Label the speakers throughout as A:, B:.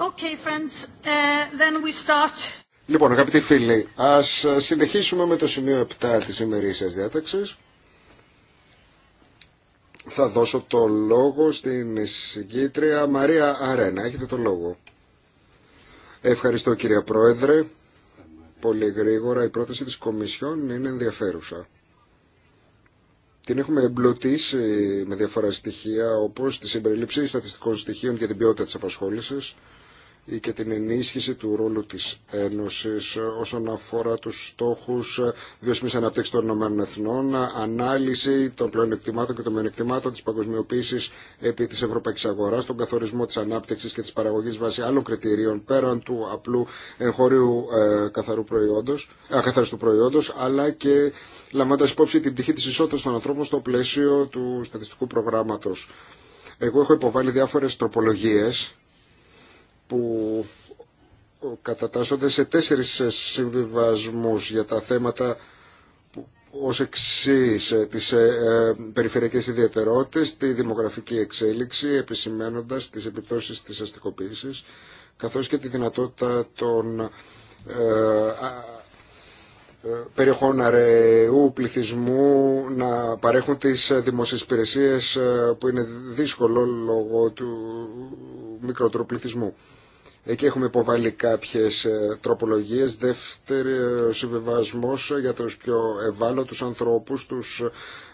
A: Okay, friends. Uh, then we start.
B: Λοιπόν, αγαπητοί φίλοι, ας ε, συνεχίσουμε με το σημείο 7 της ημερήσιας διάταξης. Θα δώσω το λόγο στην συγκήτρια Μαρία Αρένα. Έχετε το λόγο. Ευχαριστώ κύριε Πρόεδρε. Πολύ γρήγορα η πρόταση της Κομισιόν είναι ενδιαφέρουσα. Την έχουμε εμπλουτίσει με διάφορα στοιχεία όπως τη συμπεριλήψη στατιστικών στοιχείων για την ποιότητα της απασχόλησης, και την ενίσχυση του ρόλου της Ένωσης όσον αφορά τους στόχους βιώσιμης αναπτύξη των ΗΕ, ανάλυση των πλεονεκτημάτων και των μειονεκτημάτων της παγκοσμιοποίησης επί της ευρωπαϊκής αγοράς, τον καθορισμό της ανάπτυξης και της παραγωγής βάσει άλλων κριτηρίων πέραν του απλού εγχώριου ε, καθαρού προϊόντος, ε, αλλά και λαμβάνοντας υπόψη την πτυχή της ισότητας των ανθρώπων στο πλαίσιο του στατιστικού προγράμματος. Εγώ έχω υποβάλει διάφορες τροπολογίες που κατατάσσονται σε τέσσερις συμβιβασμούς για τα θέματα ως εξή ε, τις ε, ε, περιφερειακές ιδιαιτερότητες, τη δημογραφική εξέλιξη, επισημένοντας τις επιπτώσεις της αστικοποίησης, καθώς και τη δυνατότητα των περιοχών αραιού πληθυσμού να παρέχουν τις δημόσιες υπηρεσίες που είναι δύσκολο λόγω του μικρότερου πληθυσμού. Εκεί έχουμε υποβάλει κάποιες ε, τροπολογίες. Δεύτερο συμβιβασμό για του πιο ευάλωτου ανθρώπου, τους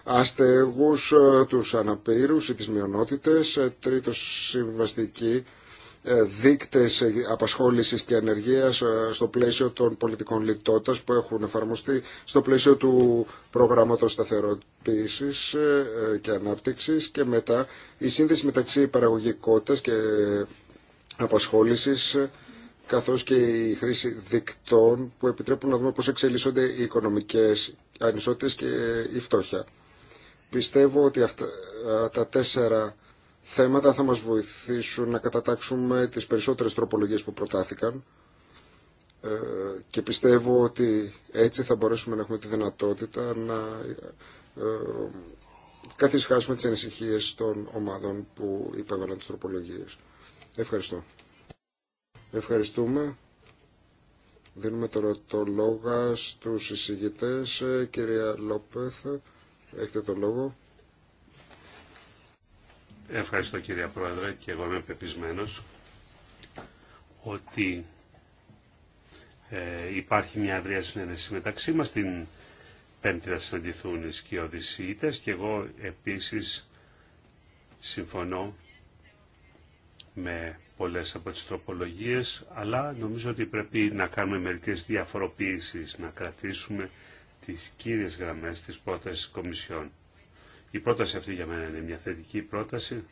B: αστέγους, ε, τους αναπήρους ή τις μειονότητες. Ε, Τρίτο συμβαστική δείκτες απασχόλησης και ανεργίας στο πλαίσιο των πολιτικών λιτότητας που έχουν εφαρμοστεί στο πλαίσιο του προγράμματος σταθεροποίησης και ανάπτυξης και μετά η σύνδεση μεταξύ παραγωγικότητας και απασχόλησης καθώς και η χρήση δικτών που επιτρέπουν να δούμε πώς εξελίσσονται οι οικονομικές ανισότητες και η φτώχεια. Πιστεύω ότι αυτά τα τέσσερα θέματα θα μας βοηθήσουν να κατατάξουμε τις περισσότερες τροπολογίες που προτάθηκαν ε, και πιστεύω ότι έτσι θα μπορέσουμε να έχουμε τη δυνατότητα να ε, καθισχάσουμε τις ανησυχίε των ομάδων που υπέβαλαν τις τροπολογίες. Ευχαριστώ. Ευχαριστούμε. Δίνουμε τώρα το λόγο στους εισηγητές. Ε, κυρία Λόπεθ, έχετε το λόγο.
C: Ευχαριστώ κυρία Πρόεδρε και εγώ είμαι πεπισμένος ότι ε, υπάρχει μια αδρία συνέντευξη μεταξύ μας. Την Πέμπτη θα συναντηθούν οι σκιώδεις και εγώ επίσης συμφωνώ με πολλές από τις τροπολογίες, αλλά νομίζω ότι πρέπει να κάνουμε μερικές διαφοροποίησεις, να κρατήσουμε τις κύριες γραμμές της πρότασης Κομισιόν. Η πρόταση αυτή για μένα είναι μια θετική πρόταση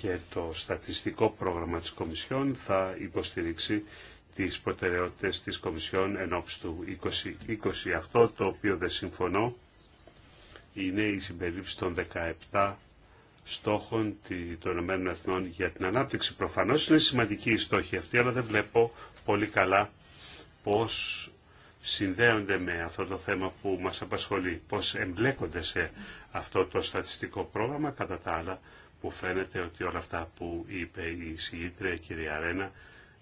C: και το στατιστικό πρόγραμμα της Κομισιόν θα υποστηρίξει τις προτεραιότητες της Κομισιόν εν ώψη του 2020. Αυτό το οποίο δεν συμφωνώ είναι η συμπερίληψη των 17 στόχων των Ηνωμένων για την Ανάπτυξη. Προφανώς είναι σημαντική η στόχη αυτή, αλλά δεν βλέπω πολύ καλά πώς συνδέονται με αυτό το θέμα που μας απασχολεί, πώς εμπλέκονται σε αυτό το στατιστικό πρόγραμμα, κατά τα άλλα που φαίνεται ότι όλα αυτά που είπε η συγήτρια κυρία Ρένα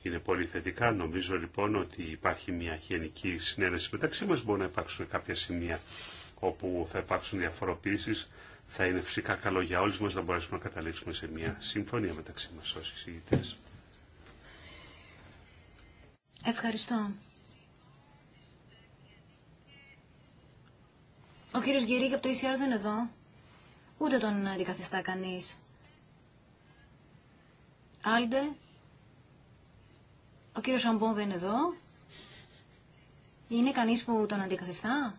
C: είναι πολύ θετικά. Νομίζω λοιπόν ότι υπάρχει μια γενική συνένεση μεταξύ μας, μπορεί να υπάρξουν κάποια σημεία όπου θα υπάρξουν διαφοροποίησεις, θα είναι φυσικά καλό για όλους μας να μπορέσουμε να καταλήξουμε σε μια συμφωνία μεταξύ μας ως εισηγητές.
A: Ευχαριστώ. Ο κύριος Γκυρίκ από το ECR δεν είναι εδώ. Ούτε τον αντικαθιστά κανείς. Άλντε. Ο κύριος Σαμπόν δεν είναι εδώ. Είναι κανείς που τον αντικαθιστά.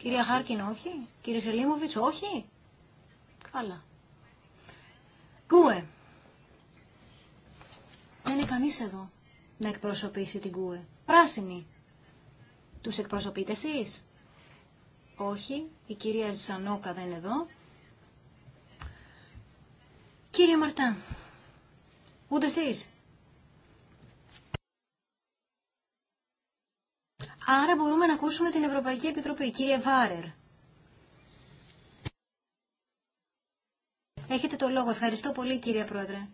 C: Κυρία Χάρκιν,
A: όχι. Κύριε Σελίμωβιτς, όχι. Καλά. Κούε. Δεν είναι κανείς εδώ να εκπροσωπήσει την Κούε. Πράσινη. Τους εκπροσωπείτε εσείς. Όχι. Η κυρία Ζανόκα δεν είναι εδώ. Κύριε Μαρτά. Ούτε εσείς. Άρα μπορούμε να ακούσουμε την Ευρωπαϊκή Επιτροπή. Κύριε Βάρερ. Έχετε το λόγο. Ευχαριστώ πολύ κύριε Πρόεδρε.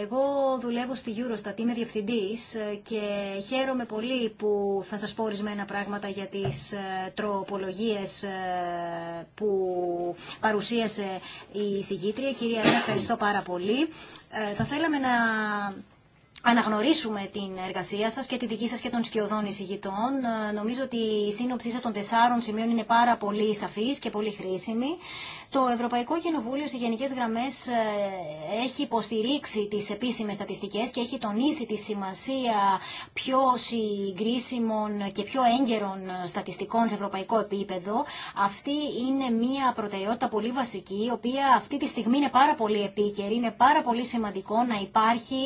A: Εγώ δουλεύω στη Eurostat, είμαι διευθυντής και χαίρομαι πολύ που θα σας πω ορισμένα πράγματα για τις ε, τροπολογίες ε, που παρουσίασε η συγκήτρια. Κυρία, ευχαριστώ πάρα πολύ. Ε, θα θέλαμε να αναγνωρίσουμε την εργασία σας και τη δική σας και των σκιωδών εισηγητών. Ε, νομίζω ότι η σύνοψή σας των τεσσάρων σημείων είναι πάρα πολύ σαφής και πολύ χρήσιμη. Το Ευρωπαϊκό Κοινοβούλιο σε γενικές γραμμές ε, έχει υποστηρίξει τις επίσημες στατιστικές και έχει τονίσει τη σημασία πιο συγκρίσιμων και πιο έγκαιρων στατιστικών σε ευρωπαϊκό επίπεδο. Αυτή είναι μια προτεραιότητα πολύ βασική, η οποία αυτή τη στιγμή είναι πάρα πολύ επίκαιρη, είναι πάρα πολύ σημαντικό να υπάρχει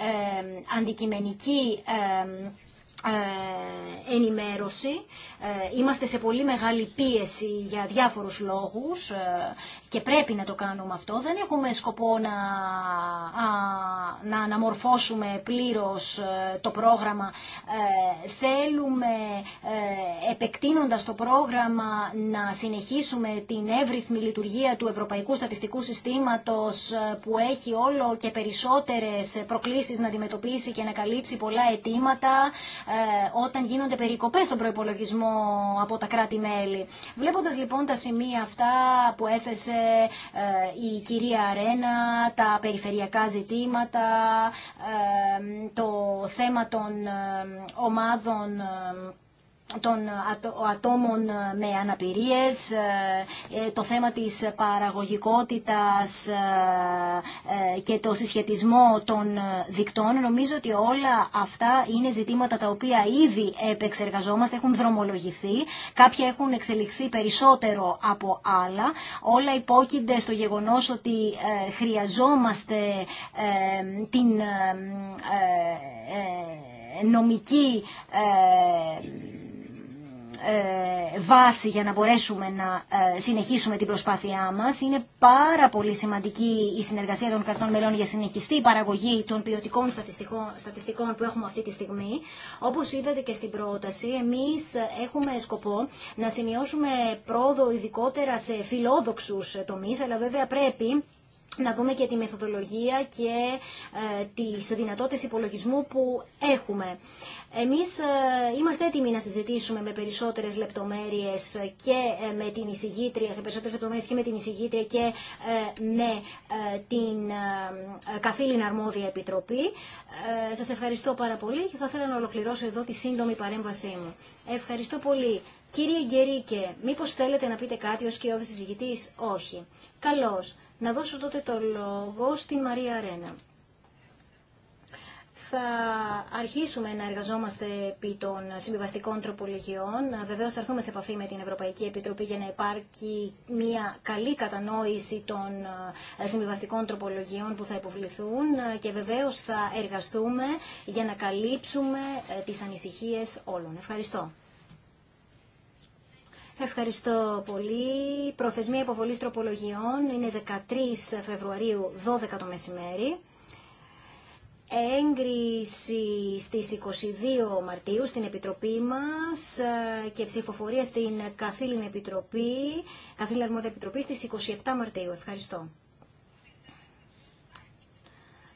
A: ε, ε, αντικειμενική ε, ε, ενημέρωση. Ε, είμαστε σε πολύ μεγάλη πίεση για διάφορους λόγους ε, και πρέπει να το κάνουμε αυτό. Δεν έχουμε σκοπό να, να αναμορφώσουμε πλήρως το πρόγραμμα. Θέλουμε, επεκτείνοντας το πρόγραμμα, να συνεχίσουμε την εύρυθμη λειτουργία του Ευρωπαϊκού Στατιστικού Συστήματος που έχει όλο και περισσότερες προκλήσεις να αντιμετωπίσει και να καλύψει πολλά αιτήματα ε, όταν γίνονται περικοπές στον προϋπολογισμό από τα κράτη-μέλη. Βλέποντας λοιπόν τα σημεία αυτά που έθεσε ε, η κυρία Αρένα, τα περιφερειακά ζητήματα, ε, το θέμα των ομάδων των ατόμων ε, με αναπηρίες, ε, ε, το θέμα της παραγωγικότητας και το συσχετισμό των δικτών. Νομίζω ότι όλα αυτά είναι ζητήματα τα οποία ήδη επεξεργαζόμαστε, έχουν δρομολογηθεί, κάποια έχουν εξελιχθεί περισσότερο από άλλα. Όλα υπόκεινται στο γεγονός ότι χρειαζόμαστε την νομική ε, βάση για να μπορέσουμε να ε, συνεχίσουμε την προσπάθειά μας. Είναι πάρα πολύ σημαντική η συνεργασία των κρατών μελών για συνεχιστή παραγωγή των ποιοτικών στατιστικών που έχουμε αυτή τη στιγμή. Όπως είδατε και στην πρόταση, εμείς έχουμε σκοπό να σημειώσουμε πρόοδο ειδικότερα σε φιλόδοξους τομείς, αλλά βέβαια πρέπει να δούμε και τη μεθοδολογία και ε, τις δυνατότητες υπολογισμού που έχουμε. Εμείς ε, είμαστε έτοιμοι να συζητήσουμε με περισσότερες λεπτομέρειες και ε, με την εισηγήτρια, σε περισσότερες λεπτομέρειες και με την εισηγήτρια και ε, με την καθήλυνα αρμόδια επιτροπή. Σας ευχαριστώ πάρα πολύ και θα ήθελα να ολοκληρώσω εδώ τη σύντομη παρέμβασή μου. Ευχαριστώ πολύ. Κύριε Γκερίκε, μήπως θέλετε να πείτε κάτι ως κοιόδης εισηγητής. Όχι. Καλώς. Να δώσω τότε το λόγο στην Μαρία Αρένα θα αρχίσουμε να εργαζόμαστε επί των συμβιβαστικών τροπολογιών. Βεβαίως θα έρθουμε σε επαφή με την Ευρωπαϊκή Επιτροπή για να υπάρχει μια καλή κατανόηση των ε, συμβιβαστικών τροπολογιών που θα υποβληθούν και βεβαίως θα εργαστούμε για να καλύψουμε ε, τις ανησυχίες όλων. Ευχαριστώ. Ευχαριστώ πολύ. Προθεσμία υποβολής τροπολογιών είναι 13 Φεβρουαρίου 12 το μεσημέρι έγκριση στις 22 Μαρτίου στην Επιτροπή μας ε, και ψηφοφορία στην Καθήλυνη Επιτροπή, Καθήλυνη Αρμόδια Επιτροπή στις 27 Μαρτίου. Ευχαριστώ.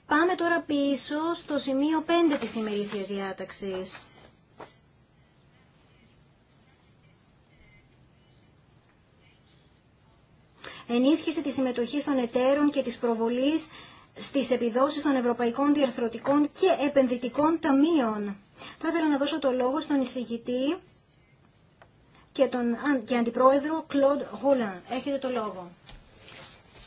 A: Πάμε τώρα πίσω στο σημείο 5 της ημερήσιας διάταξης. Ενίσχυση της συμμετοχής των εταίρων και της προβολής στις επιδόσεις των Ευρωπαϊκών Διαρθρωτικών και Επενδυτικών Ταμείων. Θα ήθελα να δώσω το λόγο στον εισηγητή και τον και αντιπρόεδρο Κλοντ Γούλαν. Έχετε το λόγο.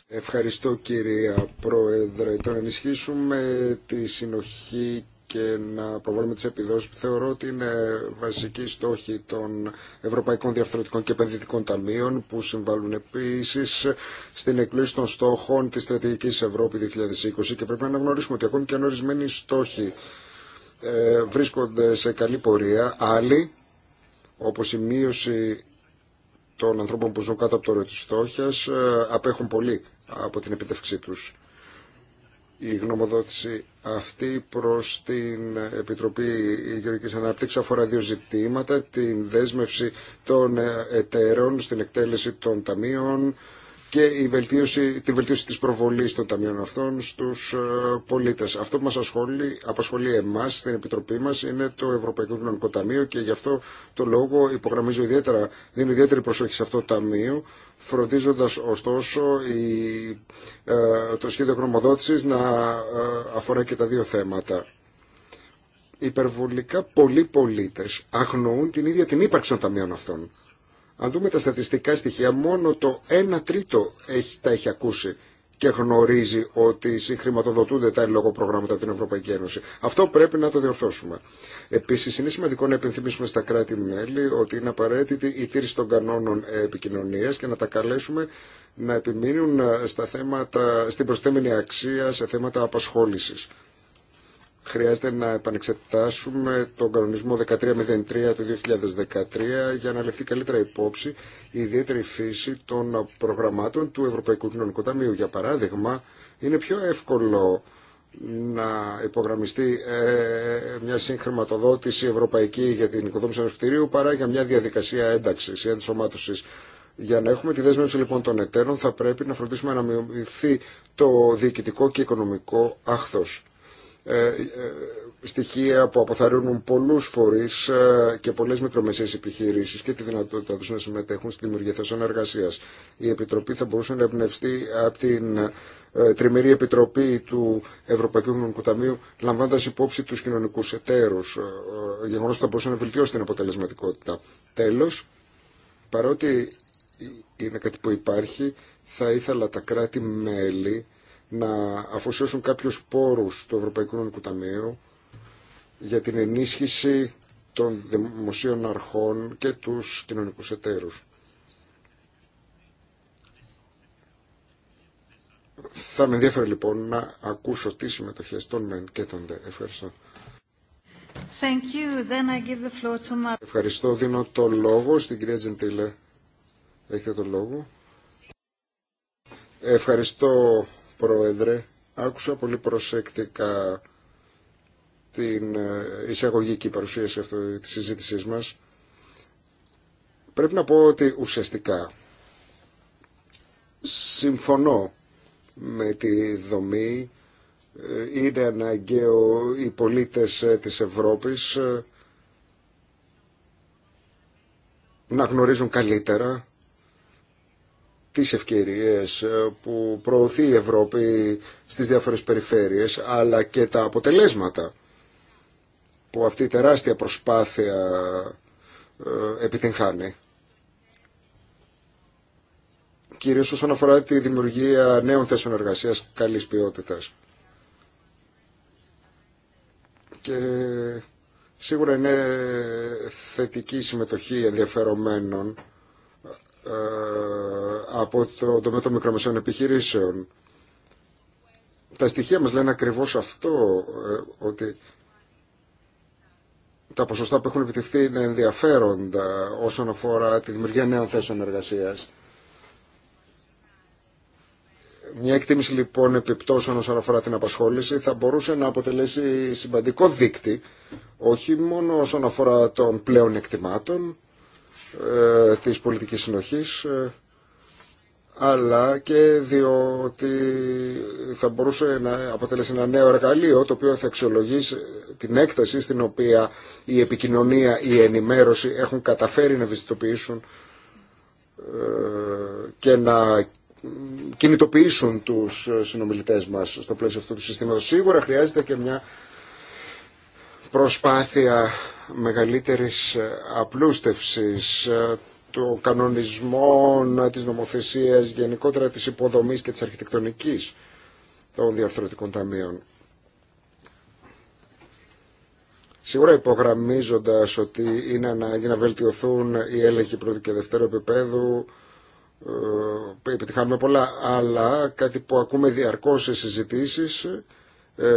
B: Ευχαριστώ κυρία Πρόεδρε. Το να ενισχύσουμε τη συνοχή και να προβάλλουμε τις επιδόσεις που θεωρώ ότι είναι βασική στόχοι των Ευρωπαϊκών Διαρθρωτικών και Επενδυτικών Ταμείων που συμβάλλουν επίσης στην εκπλήση των στόχων της Στρατηγικής Ευρώπη 2020 και πρέπει να αναγνωρίσουμε ότι ακόμη και αν ορισμένοι στόχοι ε, βρίσκονται σε καλή πορεία, άλλοι όπως η μείωση των ανθρώπων που ζουν κάτω από το όριο της στόχιας ε, απέχουν πολύ από την επιτεύξή τους. Η γνωμοδότηση αυτή προς την Επιτροπή Γεωργικής Ανάπτυξης αφορά δύο ζητήματα, την δέσμευση των εταίρων στην εκτέλεση των ταμείων, και η βελτίωση, τη βελτίωση της προβολής των ταμείων αυτών στους ε, πολίτες. Αυτό που μας ασχολεί, απασχολεί εμάς στην Επιτροπή μας είναι το Ευρωπαϊκό Κοινωνικό Ταμείο και γι' αυτό το λόγο υπογραμμίζω ιδιαίτερα, δίνω ιδιαίτερη προσοχή σε αυτό το ταμείο φροντίζοντας ωστόσο η, ε, το σχέδιο γνωμοδότησης να ε, αφορά και τα δύο θέματα. Υπερβολικά πολλοί πολίτες αγνοούν την ίδια την ύπαρξη των ταμείων αυτών. Αν δούμε τα στατιστικά στοιχεία, μόνο το 1 τρίτο έχει, τα έχει ακούσει και γνωρίζει ότι συγχρηματοδοτούνται τα λόγω προγράμματα από την Ευρωπαϊκή Ένωση. Αυτό πρέπει να το διορθώσουμε. Επίση, είναι σημαντικό να επενθυμίσουμε στα κράτη-μέλη ότι είναι απαραίτητη η τήρηση των κανόνων επικοινωνία και να τα καλέσουμε να επιμείνουν στα θέματα, στην προστέμενη αξία σε θέματα απασχόληση χρειάζεται να επανεξετάσουμε τον κανονισμό 1303 του 2013 για να λεφθεί καλύτερα υπόψη η ιδιαίτερη φύση των προγραμμάτων του Ευρωπαϊκού Κοινωνικού Ταμείου. Για παράδειγμα, είναι πιο εύκολο να υπογραμμιστεί ε, μια συγχρηματοδότηση ευρωπαϊκή για την οικοδόμηση ενός κτηρίου παρά για μια διαδικασία ένταξης ή ενσωμάτωσης. Για να έχουμε τη δέσμευση λοιπόν των εταίρων θα πρέπει να φροντίσουμε να μειωθεί το διοικητικό και οικονομικό άχθος ε, ε, στοιχεία που αποθαρρύνουν πολλούς φορείς ε, και πολλές μικρομεσαίες επιχειρήσεις και τη δυνατότητα τους να συμμετέχουν στη δημιουργία θέσεων εργασίας. Η Επιτροπή θα μπορούσε να εμπνευστεί από την Τριμερή Επιτροπή του Ευρωπαϊκού Κοινωνικού Ταμείου λαμβάνοντας υπόψη τους κοινωνικούς εταίρους, γεγονός που θα μπορούσε να βελτιώσει την αποτελεσματικότητα. Τέλος, παρότι είναι κάτι που υπάρχει, θα ήθελα τα κράτη-μέλη να αφοσιώσουν κάποιους πόρους του Ευρωπαϊκού Νομικού Ταμείου για την ενίσχυση των δημοσίων αρχών και τους κοινωνικούς εταίρους. Θα με ενδιαφέρει λοιπόν να ακούσω τι συμμετοχέ των ΜΕΝ και των ΔΕ. Ευχαριστώ.
A: Thank you. Then I give the floor
B: Ευχαριστώ. Δίνω το λόγο στην κυρία Τζεντήλε. Έχετε το λόγο. Ευχαριστώ Πρόεδρε. Άκουσα πολύ προσεκτικά την ε, εισαγωγική παρουσίαση αυτή της συζήτησής μας. Πρέπει να πω ότι ουσιαστικά συμφωνώ με τη δομή. Ε, είναι αναγκαίο οι πολίτες ε, της Ευρώπης να γνωρίζουν καλύτερα τις ευκαιρίες ε, που προωθεί η Ευρώπη στις διάφορες περιφέρειες αλλά και τα αποτελέσματα που αυτή η τεράστια προσπάθεια ε, επιτυγχάνει. Κυρίως όσον αφορά τη δημιουργία νέων θέσεων εργασίας καλής ποιότητας. Και σίγουρα είναι θετική συμμετοχή ενδιαφερομένων ε, από το τομέα των μικρομεσαίων επιχειρήσεων. Τα στοιχεία μας λένε ακριβώς αυτό, ε, ότι τα ποσοστά που έχουν επιτυχθεί είναι ενδιαφέροντα όσον αφορά τη δημιουργία νέων θέσεων εργασίας. Μια εκτίμηση λοιπόν επιπτώσεων όσον αφορά την απασχόληση θα μπορούσε να αποτελέσει σημαντικό δίκτυ όχι μόνο όσον αφορά των πλέον εκτιμάτων ε, της πολιτικής συνοχής ε, αλλά και διότι θα μπορούσε να αποτελέσει ένα νέο εργαλείο το οποίο θα αξιολογήσει την έκταση στην οποία η επικοινωνία, η ενημέρωση έχουν καταφέρει να ε, και να κινητοποιήσουν τους συνομιλητές μας στο πλαίσιο αυτού του συστήματος. Σίγουρα χρειάζεται και μια προσπάθεια μεγαλύτερης απλούστευσης ε, του κανονισμών, ε, της νομοθεσίας, γενικότερα της υποδομής και της αρχιτεκτονικής των διαρθρωτικών ταμείων. Σίγουρα υπογραμμίζοντας ότι είναι ανάγκη να βελτιωθούν οι έλεγχοι πρώτου και δευτέρου επίπεδου, ε, επιτυχάνουμε πολλά, αλλά κάτι που ακούμε διαρκώς σε συζητήσεις ε,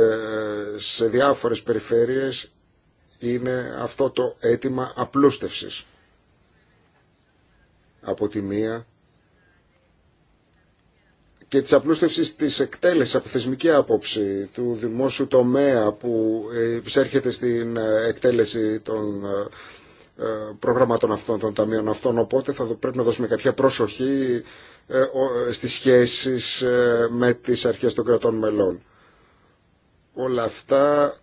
B: σε διάφορες περιφέρειες είναι αυτό το αίτημα απλούστευσης. Από τη μία και της απλούστευσης της εκτέλεσης από θεσμική άποψη του δημόσιου τομέα που ε, εισέρχεται στην ε, εκτέλεση των προγραμμάτων αυτών, των ταμείων αυτών. Οπότε θα πρέπει να δώσουμε κάποια προσοχή στις σχέσεις με τις αρχές των κρατών μελών όλα αυτά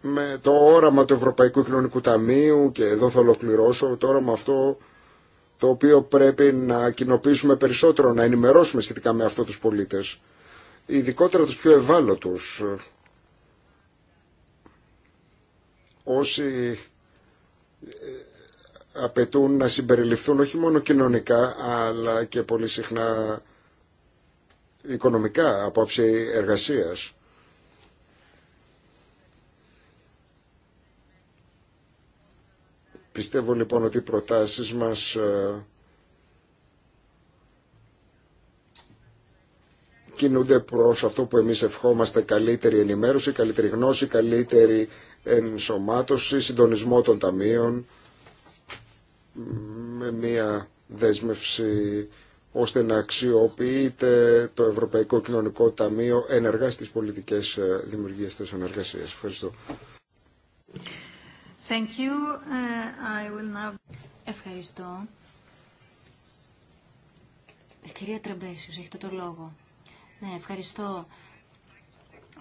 B: με το όραμα του Ευρωπαϊκού Κοινωνικού Ταμείου και εδώ θα ολοκληρώσω το όραμα αυτό το οποίο πρέπει να κοινοποιήσουμε περισσότερο, να ενημερώσουμε σχετικά με αυτό τους πολίτες, ειδικότερα τους πιο ευάλωτους, όσοι ε, απαιτούν να συμπεριληφθούν όχι μόνο κοινωνικά, αλλά και πολύ συχνά οικονομικά από άψη εργασίας. Πιστεύω λοιπόν ότι οι προτάσεις μας ε, κινούνται προς αυτό που εμείς ευχόμαστε καλύτερη ενημέρωση, καλύτερη γνώση, καλύτερη ενσωμάτωση, συντονισμό των ταμείων με μια δέσμευση ώστε να αξιοποιείται το Ευρωπαϊκό Κοινωνικό Ταμείο ενεργά στις πολιτικές ε, δημιουργίες της Ενεργασία. Ευχαριστώ.
A: Thank you. Uh, I will now... Ευχαριστώ. Κυρία Τρεμπέσιος, έχετε το λόγο. Ναι, ευχαριστώ.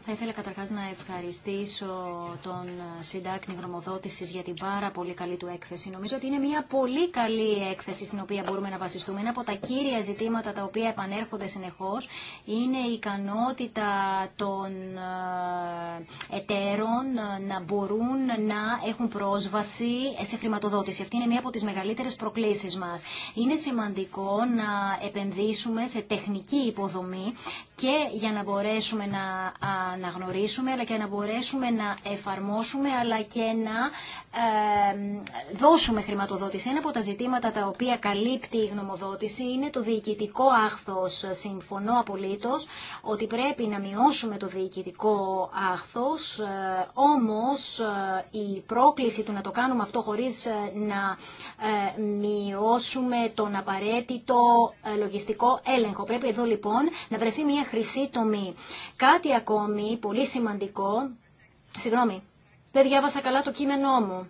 A: Θα ήθελα καταρχάς να ευχαριστήσω τον συντάκνη γνωμοδότησης για την πάρα πολύ καλή του έκθεση. Νομίζω ότι είναι μια πολύ καλή έκθεση στην οποία μπορούμε να βασιστούμε. Ένα από τα κύρια ζητήματα τα οποία επανέρχονται συνεχώς είναι η ικανότητα των ε, εταίρων ε, να μπορούν να έχουν πρόσβαση σε χρηματοδότηση. Αυτή είναι μια από τις μεγαλύτερες προκλήσεις μας. Είναι σημαντικό να επενδύσουμε σε τεχνική υποδομή και για να μπορέσουμε να αναγνωρίσουμε, αλλά και να μπορέσουμε να εφαρμόσουμε, αλλά και να δώσουμε χρηματοδότηση. Ένα από τα ζητήματα τα οποία καλύπτει η γνωμοδότηση είναι το διοικητικό άχθος. Συμφωνώ απολύτως ότι πρέπει να μειώσουμε το διοικητικό άχθος, ε, όμως ε, η πρόκληση του να το κάνουμε αυτό χωρίς ε, να μειώσουμε τον απαραίτητο λογιστικό έλεγχο. Πρέπει εδώ λοιπόν να βρεθεί μια χρυσή Κάτι ακόμη πολύ σημαντικό. Συγγνώμη, δεν διάβασα καλά το κείμενό μου.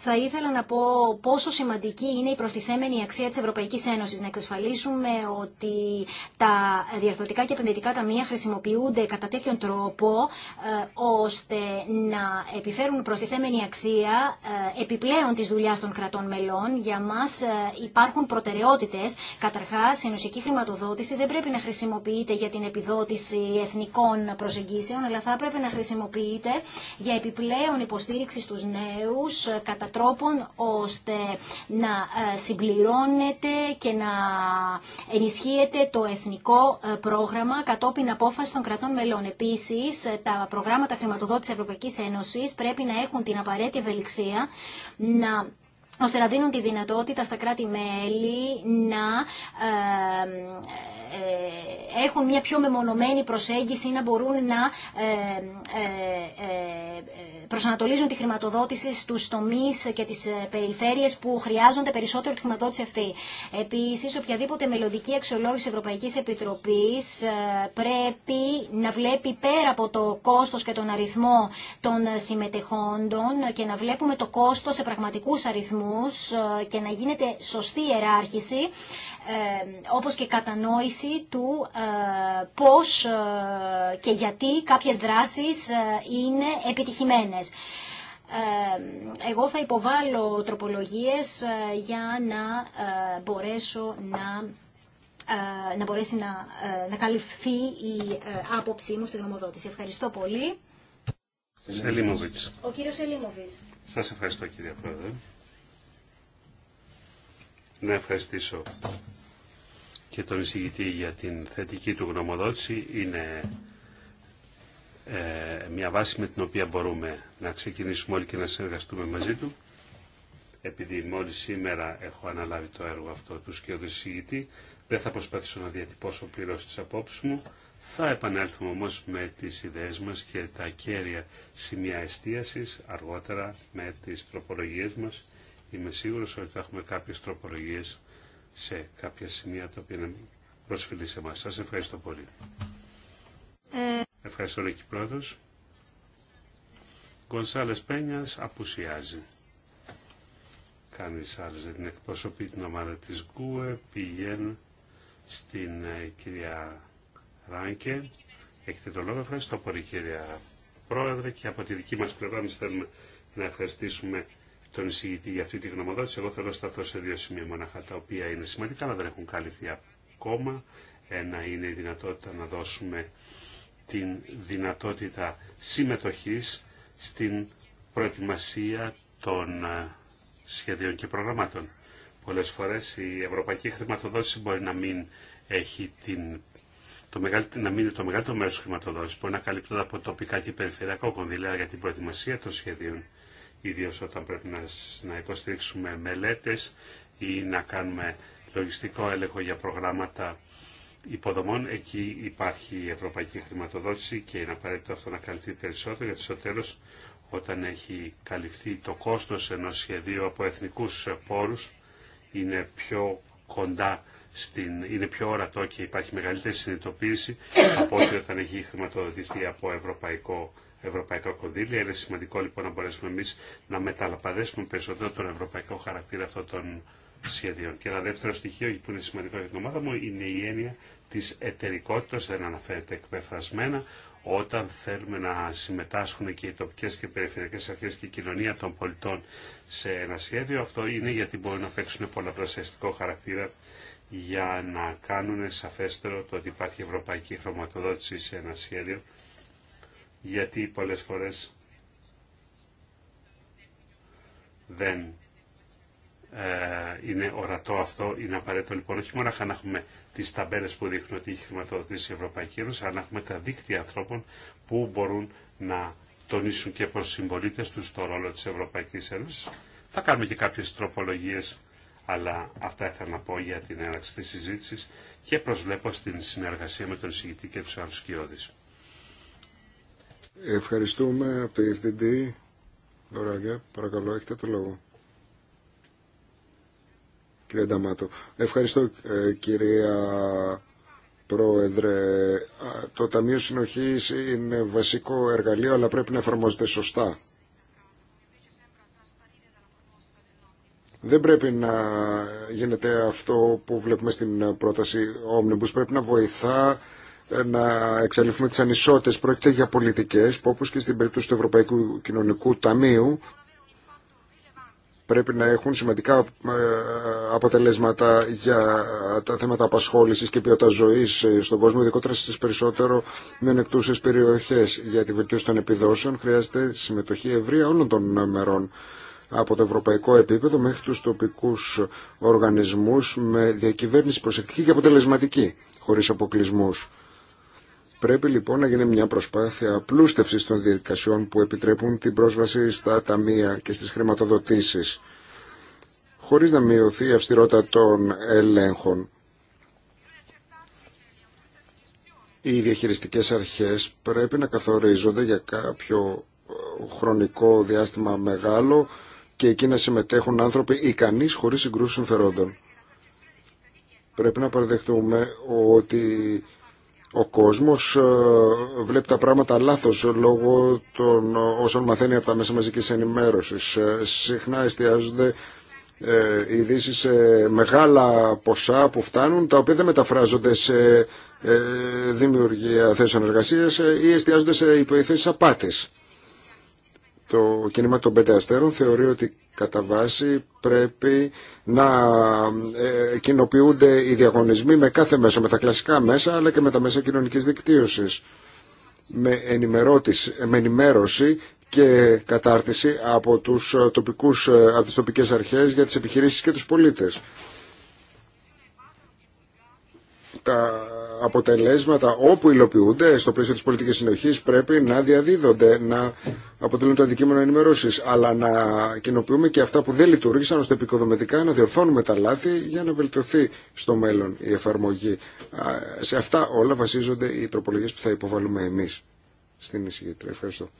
A: Θα ήθελα να πω πόσο σημαντική είναι η προστιθέμενη αξία της Ευρωπαϊκής Ένωσης. Να εξασφαλίσουμε ότι τα διαρθρωτικά και επενδυτικά ταμεία χρησιμοποιούνται κατά τέτοιον τρόπο ε, ώστε να επιφέρουν προστιθέμενη αξία ε, επιπλέον της δουλειά των κρατών μελών. Για μας ε, υπάρχουν προτεραιότητες. Καταρχάς, η ενωσική χρηματοδότηση δεν πρέπει να χρησιμοποιείται για την επιδότηση εθνικών προσεγγίσεων, αλλά θα πρέπει να χρησιμοποιείται για επιπλέον υποστήριξη στους νέου κατά ώστε να ε, συμπληρώνεται και να ενισχύεται το εθνικό ε, πρόγραμμα κατόπιν απόφαση των κρατών μελών. Επίσης, ε, τα προγράμματα χρηματοδότησης Ευρωπαϊκής Ένωση πρέπει να έχουν την απαραίτητη ευελιξία να ώστε να δίνουν τη δυνατότητα στα κράτη-μέλη να έχουν μια πιο μεμονωμένη προσέγγιση, ή να μπορούν να ε, προσανατολίζουν τη χρηματοδότηση στους τομείς και τις ε, περιφέρειες που χρειάζονται περισσότερο τη χρηματοδότηση αυτή. Επίση, οποιαδήποτε μελλοντική αξιολόγηση Ευρωπαϊκής Επιτροπής ε, πρέπει να βλέπει πέρα από το κόστος και τον αριθμό των ε, συμμετεχόντων και να βλέπουμε το κόστος σε πραγματικούς αριθμούς και να γίνεται σωστή ιεράρχηση όπως και κατανόηση του ε, πώς ε, και γιατί κάποιες δράσεις ε, είναι επιτυχημένες. Εγώ θα υποβάλω τροπολογίες για να μπορέσω να να μπορέσει να, να καλυφθεί η άποψή μου στη γνωμοδότηση. Ευχαριστώ πολύ.
B: Σελίμοβιτς.
A: Ο κύριος Σελίμοβιτς.
C: Σας ευχαριστώ κύριε Πρόεδρε. Να ευχαριστήσω και τον εισηγητή για την θετική του γνωμοδότηση. Είναι ε, μια βάση με την οποία μπορούμε να ξεκινήσουμε όλοι και να συνεργαστούμε μαζί του. Επειδή μόλι σήμερα έχω αναλάβει το έργο αυτό του σκιώδης εισηγητή, δεν θα προσπαθήσω να διατυπώσω πλήρω τι απόψεις μου. Θα επανέλθουμε όμως με τις ιδέες μας και τα κέρια σημεία εστίασης αργότερα με τις τροπολογίες μας. Είμαι σίγουρος ότι θα έχουμε κάποιες τροπολογίες σε κάποια σημεία τα οποία είναι προσφυλή σε εμάς. Σας ευχαριστώ πολύ. Ε. Ευχαριστώ Ρίκη Πρόεδρος. Γκονσάλες Πένιας απουσιάζει. Κάνει άλλος δεν την εκπροσωπεί την ομάδα της ΓΚΟΕ. Πηγαίνουν στην ε, κυρία Ράνκε. Έχετε το λόγο. Ευχαριστώ πολύ κυρία Πρόεδρε και από τη δική μας πλευρά μας θέλουμε να ευχαριστήσουμε τον εισηγητή για αυτή τη γνωμοδότηση. Εγώ θέλω να σταθώ σε δύο σημεία μοναχά τα οποία είναι σημαντικά αλλά δεν έχουν καλυφθεί ακόμα. Ένα είναι η δυνατότητα να δώσουμε την δυνατότητα συμμετοχής στην προετοιμασία των ε, σχεδίων και προγραμμάτων. Πολλές φορές η ευρωπαϊκή χρηματοδότηση μπορεί να μην έχει την το μεγάλο, να μείνει το μεγαλύτερο μέρο τη χρηματοδότηση μπορεί να καλύπτονται από τοπικά και περιφερειακά κονδύλια για την προετοιμασία των σχεδίων ιδίως όταν πρέπει να, να υποστηρίξουμε μελέτες ή να κάνουμε λογιστικό έλεγχο για προγράμματα υποδομών. Εκεί υπάρχει η ευρωπαϊκή χρηματοδότηση και είναι απαραίτητο αυτό να καλυφθεί περισσότερο, γιατί στο τέλος όταν έχει καλυφθεί το κόστος ενός σχεδίου από εθνικούς πόρους είναι πιο κοντά στην, είναι πιο ορατό και υπάρχει μεγαλύτερη συνειδητοποίηση από ό,τι όταν έχει χρηματοδοτηθεί από ευρωπαϊκό ευρωπαϊκά κονδύλια. Είναι σημαντικό λοιπόν να μπορέσουμε εμεί να μεταλαπαδέσουμε περισσότερο τον ευρωπαϊκό χαρακτήρα αυτών των σχεδίων. Και ένα δεύτερο στοιχείο που είναι σημαντικό για την ομάδα μου είναι η έννοια τη εταιρικότητα. Δεν αναφέρεται εκπεφρασμένα. Όταν θέλουμε να συμμετάσχουν και οι τοπικέ και περιφερειακές αρχέ και η κοινωνία των πολιτών σε ένα σχέδιο, αυτό είναι γιατί μπορούν να παίξουν πολλαπλασιαστικό χαρακτήρα για να κάνουν σαφέστερο το ότι υπάρχει ευρωπαϊκή χρηματοδότηση σε ένα σχέδιο γιατί πολλές φορές δεν ε, είναι ορατό αυτό, είναι απαραίτητο λοιπόν όχι μόνο να έχουμε τις ταμπέλες που δείχνουν ότι έχει χρηματοδοτήσει η Ευρωπαϊκή Ένωση, αλλά να έχουμε τα δίκτυα ανθρώπων που μπορούν να τονίσουν και προς συμπολίτε τους το ρόλο της Ευρωπαϊκής Ένωσης. Θα κάνουμε και κάποιες τροπολογίες, αλλά αυτά ήθελα να πω για την έναρξη της συζήτησης και προσβλέπω στην συνεργασία με τον εισηγητή και τους αρσκιώδης.
B: Ευχαριστούμε από το FDD. Λωράγια, παρακαλώ, έχετε το λόγο. Κύριε Ευχαριστώ, ε, κυρία Πρόεδρε. Το Ταμείο Συνοχής είναι βασικό εργαλείο, αλλά πρέπει να εφαρμόζεται σωστά. Δεν πρέπει να γίνεται αυτό που βλέπουμε στην πρόταση Omnibus. Πρέπει να βοηθά ε, να εξαλειφθούμε τις ανισότητες. Πρόκειται για πολιτικές που όπως και στην περίπτωση του Ευρωπαϊκού Κοινωνικού Ταμείου πρέπει να έχουν σημαντικά ε, αποτελέσματα για τα θέματα απασχόλησης και ποιότητα ζωής στον κόσμο, ειδικότερα στις περισσότερο μειονεκτούσες περιοχές. Για τη βελτίωση των επιδόσεων χρειάζεται συμμετοχή ευρεία όλων των μερών από το ευρωπαϊκό επίπεδο μέχρι τους τοπικούς οργανισμούς με διακυβέρνηση προσεκτική και αποτελεσματική, χωρίς αποκλεισμούς. Πρέπει λοιπόν να γίνει μια προσπάθεια απλούστευσης των διαδικασιών που επιτρέπουν την πρόσβαση στα ταμεία και στις χρηματοδοτήσεις, χωρίς να μειωθεί η αυστηρότητα των ελέγχων. Οι διαχειριστικές αρχές πρέπει να καθορίζονται για κάποιο ε, χρονικό διάστημα μεγάλο και εκεί να συμμετέχουν άνθρωποι ικανείς χωρίς συγκρούσεις συμφερόντων. Πρέπει να παραδεχτούμε ότι ο κόσμος ε, βλέπει τα πράγματα λάθος λόγω των ε, όσων μαθαίνει από τα μέσα μαζικής ενημέρωσης. Ε, συχνά εστιάζονται ε, ειδήσει σε μεγάλα ποσά που φτάνουν, τα οποία δεν μεταφράζονται σε δημιουργία θέσεων εργασίας ή εστιάζονται σε υποθέσεις απάτης. Το κίνημα των πέντε θεωρεί ότι Κατά βάση πρέπει να ε, κοινοποιούνται οι διαγωνισμοί με κάθε μέσο, με τα κλασικά μέσα αλλά και με τα μέσα κοινωνικής δικτύωσης. Με, με ενημέρωση και κατάρτιση από, τους τοπικούς, ε, από αρχές για τις επιχειρήσεις και τους πολίτες. Τα αποτελέσματα όπου υλοποιούνται στο πλαίσιο της πολιτικής συνοχής πρέπει να διαδίδονται, να αποτελούν το αντικείμενο ενημερώσεις, αλλά να κοινοποιούμε και αυτά που δεν λειτουργήσαν ώστε επικοδομητικά να διορθώνουμε τα λάθη για να βελτιωθεί στο μέλλον η εφαρμογή. Σε αυτά όλα βασίζονται οι τροπολογίες που θα υποβαλούμε εμείς στην εισηγήτρια. Ευχαριστώ.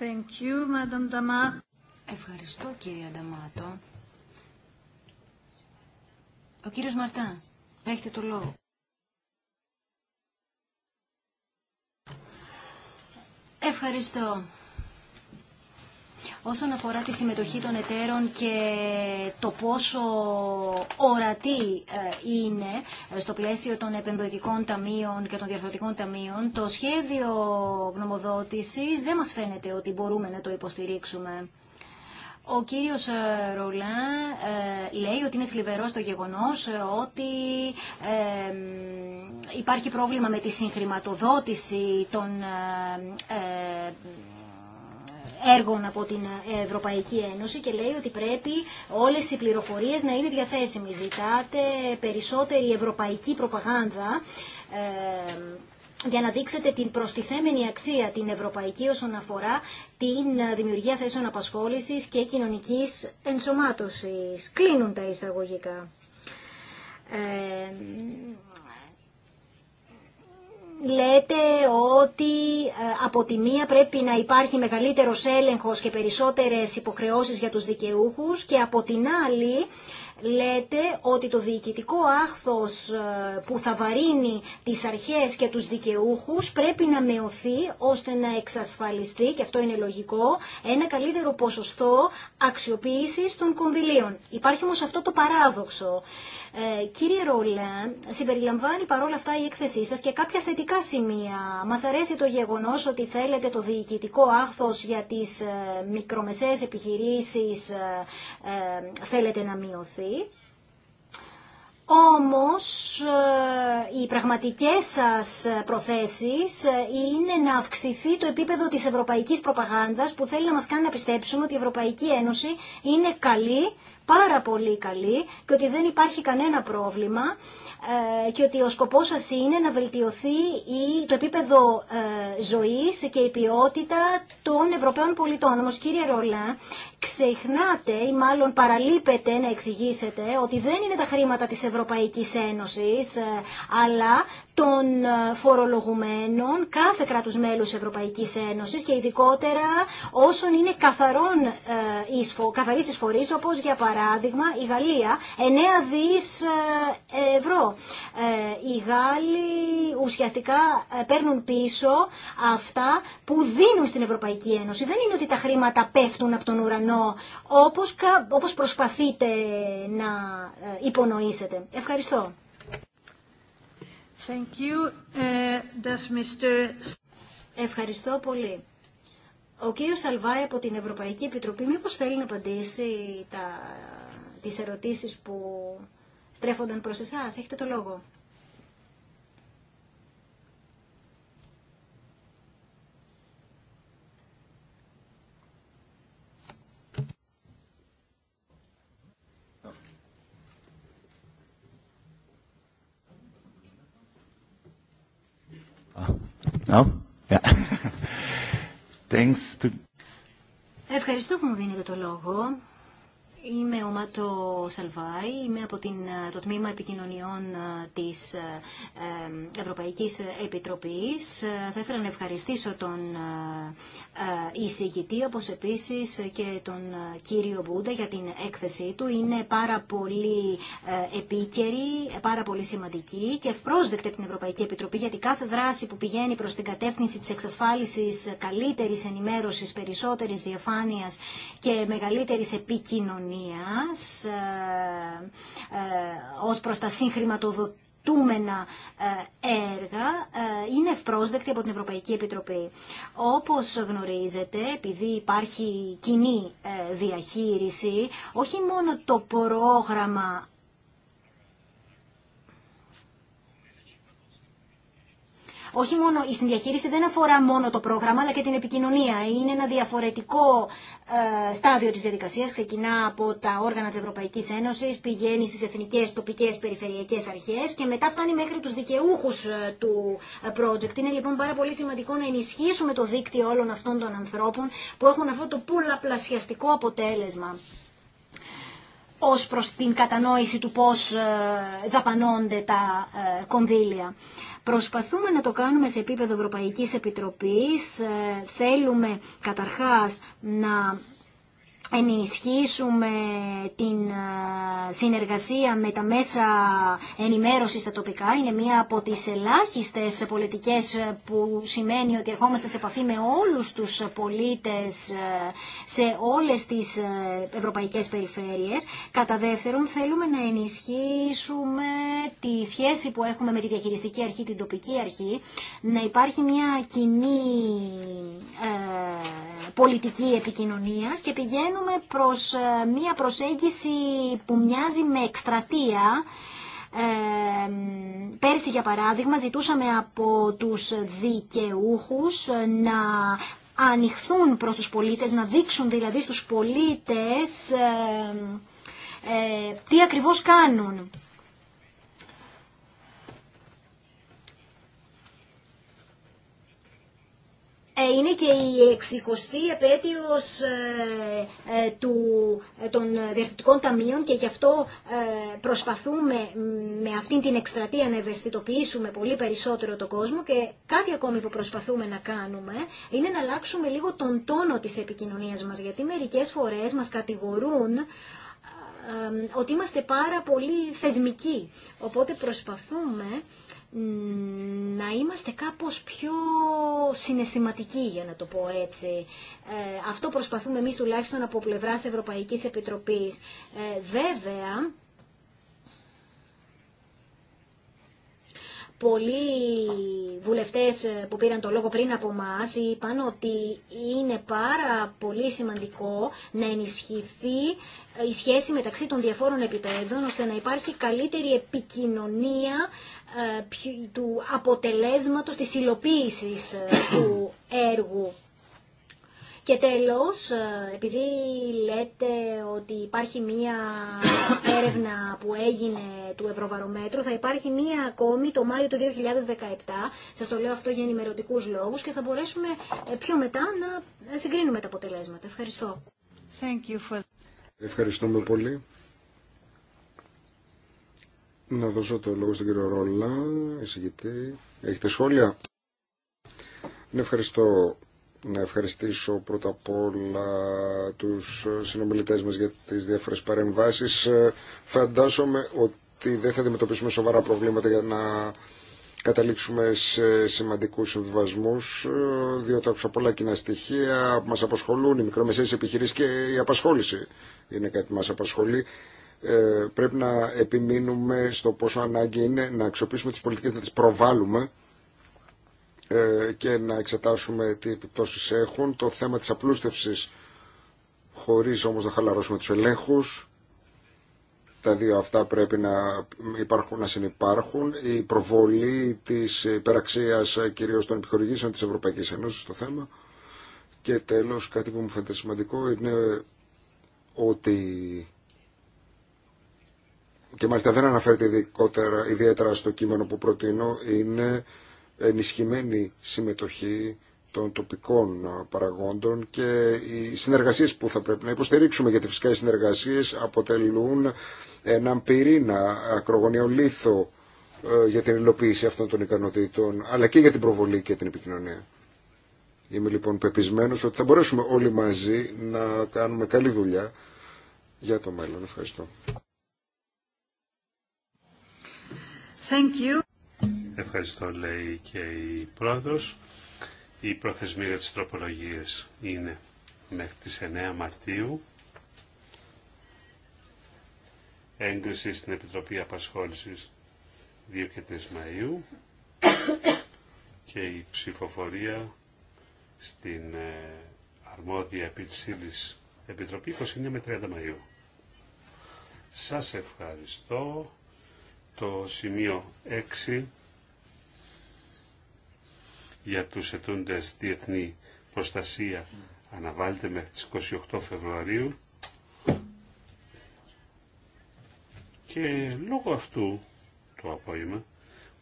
A: Thank you, Ευχαριστώ, κύριε Ο κύριος Έχετε το λόγο. Ευχαριστώ. Όσον αφορά τη συμμετοχή των εταίρων και το πόσο ορατή ε, είναι ε, στο πλαίσιο των επενδυτικών ταμείων και των διαρθρωτικών ταμείων, το σχέδιο γνωμοδότησης δεν μας φαίνεται ότι μπορούμε να το υποστηρίξουμε. Ο κύριος ε, Ρολά ε, λέει ότι είναι θλιβερό το γεγονός ε, ότι υπάρχει πρόβλημα με τη συγχρηματοδότηση των έργων από την Ευρωπαϊκή Ένωση και λέει ότι πρέπει όλες οι πληροφορίες να είναι διαθέσιμες. Ζητάτε περισσότερη ευρωπαϊκή προπαγάνδα για να δείξετε την προστιθέμενη αξία την ευρωπαϊκή όσον αφορά την ε, δημιουργία θέσεων απασχόλησης και κοινωνικής ενσωμάτωσης. Κλείνουν τα εισαγωγικά. Ε, λέτε ότι ε, από τη μία πρέπει να υπάρχει μεγαλύτερος έλεγχος και περισσότερες υποχρεώσεις για τους δικαιούχους και από την άλλη λέτε ότι το διοικητικό άχθος ε, που θα βαρύνει τις αρχές και τους δικαιούχους πρέπει να μεωθεί ώστε να εξασφαλιστεί, και αυτό είναι λογικό, ένα καλύτερο ποσοστό αξιοποίησης των κονδυλίων. Υπάρχει όμως αυτό το παράδοξο. Ε, κύριε Ρολέ, συμπεριλαμβάνει παρόλα αυτά η έκθεσή σας και κάποια θετικά σημεία. Μας αρέσει το γεγονός ότι θέλετε το διοικητικό άχθος για τις ε, μικρομεσαίες επιχειρήσεις ε, θέλετε να μειωθεί. Όμως ε, οι πραγματικές σας προθέσεις ε, είναι να αυξηθεί το επίπεδο της ευρωπαϊκής προπαγάνδας που θέλει να μας κάνει να πιστέψουμε ότι η Ευρωπαϊκή Ένωση είναι καλή, πάρα πολύ καλή και ότι δεν υπάρχει κανένα πρόβλημα ε, και ότι ο σκοπός σας είναι να βελτιωθεί το επίπεδο ζωής και η ποιότητα των Ευρωπαίων πολιτών. Όμως κύριε Ρολά, ξεχνάτε ή μάλλον παραλείπετε να εξηγήσετε ότι δεν είναι τα χρήματα της Ευρωπαϊκής Ένωσης, ε, αλλά των ε, φορολογουμένων κάθε κράτους μέλους Ευρωπαϊκής Ένωσης και ειδικότερα όσων είναι καθαρών, ε, εισφο, καθαρής εισφορής όπως για παράδειγμα η Γαλλία 9 δις ε, ευρώ. Ε, οι Γάλλοι ουσιαστικά ε, παίρνουν πίσω αυτά που δίνουν στην Ευρωπαϊκή Ένωση. Δεν είναι ότι τα χρήματα πέφτουν από τον ουρανό όπως, όπως προσπαθείτε να υπονοήσετε. Ευχαριστώ. Thank you. Ε, Ευχαριστώ πολύ. Ο κύριο Σαλβάη από την Ευρωπαϊκή Επιτροπή μήπως θέλει να απαντήσει τα, τις ερωτήσεις που στρέφονταν προς εσάς. Έχετε το λόγο. Ευχαριστώ που μου δίνετε το λόγο. Είμαι ο Μάτο Σαλβάη, είμαι από την, ε, το Τμήμα Επικοινωνιών ε, της ε, Ευρωπαϊκής Επιτροπής. Θα ήθελα να ευχαριστήσω τον εισηγητή, όπως επίσης και τον κύριο Μπούντα για την έκθεσή του. Είναι πάρα πολύ επίκαιρη, πάρα πολύ σημαντική και ευπρόσδεκτη από την Ευρωπαϊκή Επιτροπή, γιατί κάθε δράση που πηγαίνει προς την κατεύθυνση της εξασφάλισης καλύτερης ενημέρωσης, περισσότερης διαφάνειας και μεγαλύτερης επικοινωνίας, Ω ε, ε, ως προς τα συγχρηματοδοτούμενα ε, έργα είναι ευπρόσδεκτη από την Ευρωπαϊκή Επιτροπή. Όπως γνωρίζετε, επειδή υπάρχει κοινή διαχείριση, όχι μόνο το πρόγραμμα όχι μόνο η συνδιαχείριση δεν αφορά μόνο το πρόγραμμα αλλά και την επικοινωνία. Είναι ένα διαφορετικό ε, στάδιο τη διαδικασία. Ξεκινά από τα όργανα τη Ευρωπαϊκή Ένωση, πηγαίνει στι εθνικέ τοπικέ περιφερειακέ αρχέ, και μετά φτάνει μέχρι τους δικαιούχους ε, του ε, project. Είναι λοιπόν πάρα πολύ σημαντικό να ενισχύσουμε το δίκτυο όλων αυτών των ανθρώπων που έχουν αυτό το πολλαπλασιαστικό αποτέλεσμα ως προς την κατανόηση του πώς δαπανώνται τα κονδύλια. Προσπαθούμε να το κάνουμε σε επίπεδο Ευρωπαϊκής Επιτροπής. Ε, θέλουμε καταρχάς να ενισχύσουμε την συνεργασία με τα μέσα ενημέρωσης στα τοπικά. Είναι μία από τις ελάχιστες πολιτικές ε, που σημαίνει ότι ερχόμαστε σε επαφή με όλους τους πολίτες ε, σε όλες τις ε, ευρωπαϊκές περιφέρειες. Κατά δεύτερον, θέλουμε να ενισχύσουμε τη σχέση που έχουμε με τη διαχειριστική αρχή, την τοπική αρχή, να υπάρχει μια κοινή πολιτική επικοινωνία και πηγαίνουμε προς ε, μία προσέγγιση που μοιάζει με εκστρατεία. Ε, πέρσι, για παράδειγμα, ζητούσαμε από τους δικαιούχους ε, να ανοιχθούν προς τους πολίτες, να δείξουν δηλαδή στους πολίτες τι ακριβώς κάνουν. Ε, είναι και η 60η επέτειος ε, ε, του, των διευθυντικών ταμείων και γι' αυτό προσπαθούμε με αυτήν την εκστρατεία να ευαισθητοποιήσουμε πολύ περισσότερο τον κόσμο και κάτι ακόμη που προσπαθούμε να κάνουμε είναι να αλλάξουμε λίγο τον τόνο της επικοινωνίας μας γιατί μερικές φορές μας κατηγορούν ότι είμαστε πάρα πολύ θεσμικοί. Οπότε προσπαθούμε να είμαστε κάπως πιο συναισθηματικοί, για να το πω έτσι. Ε, αυτό προσπαθούμε εμείς τουλάχιστον από πλευράς Ευρωπαϊκής Επιτροπής. Ε, βέβαια, πολλοί βουλευτές που πήραν το λόγο πριν από μας είπαν ότι είναι πάρα πολύ σημαντικό να ενισχυθεί ε, η σχέση μεταξύ των διαφόρων επιπέδων ώστε να υπάρχει καλύτερη επικοινωνία ε, του αποτελέσματος της υλοποίησης ε, του έργου. Και τέλος, ε, επειδή λέτε ότι υπάρχει μία έρευνα που έγινε του Ευρωβαρομέτρου, θα υπάρχει μία ακόμη το Μάιο του 2017, σας το λέω αυτό για ενημερωτικούς λόγους, και θα μπορέσουμε πιο μετά να συγκρίνουμε τα αποτελέσματα. Ευχαριστώ. Thank you for...
B: Ευχαριστούμε πολύ. Να δώσω το λόγο στον κύριο Ρόλα, εισηγητή. Έχετε σχόλια. Να ευχαριστώ. Να ευχαριστήσω πρώτα απ' όλα τους συνομιλητές μας για τις διάφορες παρεμβάσεις. Φαντάζομαι ότι δεν θα αντιμετωπίσουμε σοβαρά προβλήματα για να καταλήξουμε σε σημαντικούς συμβιβασμούς, διότι άκουσα πολλά κοινά στοιχεία που μας απασχολούν, οι μικρομεσαίες επιχειρήσεις και η απασχόληση είναι κάτι που μας απασχολεί. Ε, πρέπει να επιμείνουμε στο πόσο ανάγκη είναι να αξιοποιήσουμε τις πολιτικές, να τις προβάλλουμε ε, και να εξετάσουμε τι επιπτώσεις έχουν. Το θέμα της απλούστευσης, χωρίς όμως να χαλαρώσουμε τους ελέγχους, τα δύο αυτά πρέπει να, υπάρχουν, να συνεπάρχουν. Η προβολή της υπεραξίας ε, κυρίως των επιχορηγήσεων της Ευρωπαϊκής Ένωσης στο θέμα. Και τέλος, κάτι που μου φαίνεται σημαντικό είναι ότι και μάλιστα δεν αναφέρεται ειδικότερα, ιδιαίτερα στο κείμενο που προτείνω, είναι ενισχυμένη συμμετοχή των τοπικών παραγόντων και οι συνεργασίες που θα πρέπει να υποστηρίξουμε, γιατί φυσικά οι συνεργασίες αποτελούν έναν πυρήνα ακρογωνιαίο λίθο ε, για την υλοποίηση αυτών των ικανοτήτων, αλλά και για την προβολή και την επικοινωνία. Είμαι λοιπόν πεπισμένος ότι θα μπορέσουμε όλοι μαζί να κάνουμε
C: καλή δουλειά για το μέλλον. Ευχαριστώ. Thank you. Ευχαριστώ, λέει και η πρόεδρος. Η προθεσμία για τις είναι μέχρι τις 9 Μαρτίου. Έγκριση στην Επιτροπή Απασχόληση 2 και 3 Μαΐου και η ψηφοφορία στην ε, αρμόδια επί Επιτροπή 29 με 30 Μαΐου. Σας ευχαριστώ το σημείο 6 για τους ετούντες διεθνή προστασία αναβάλλεται μέχρι τις 28 Φεβρουαρίου και λόγω αυτού το απόγευμα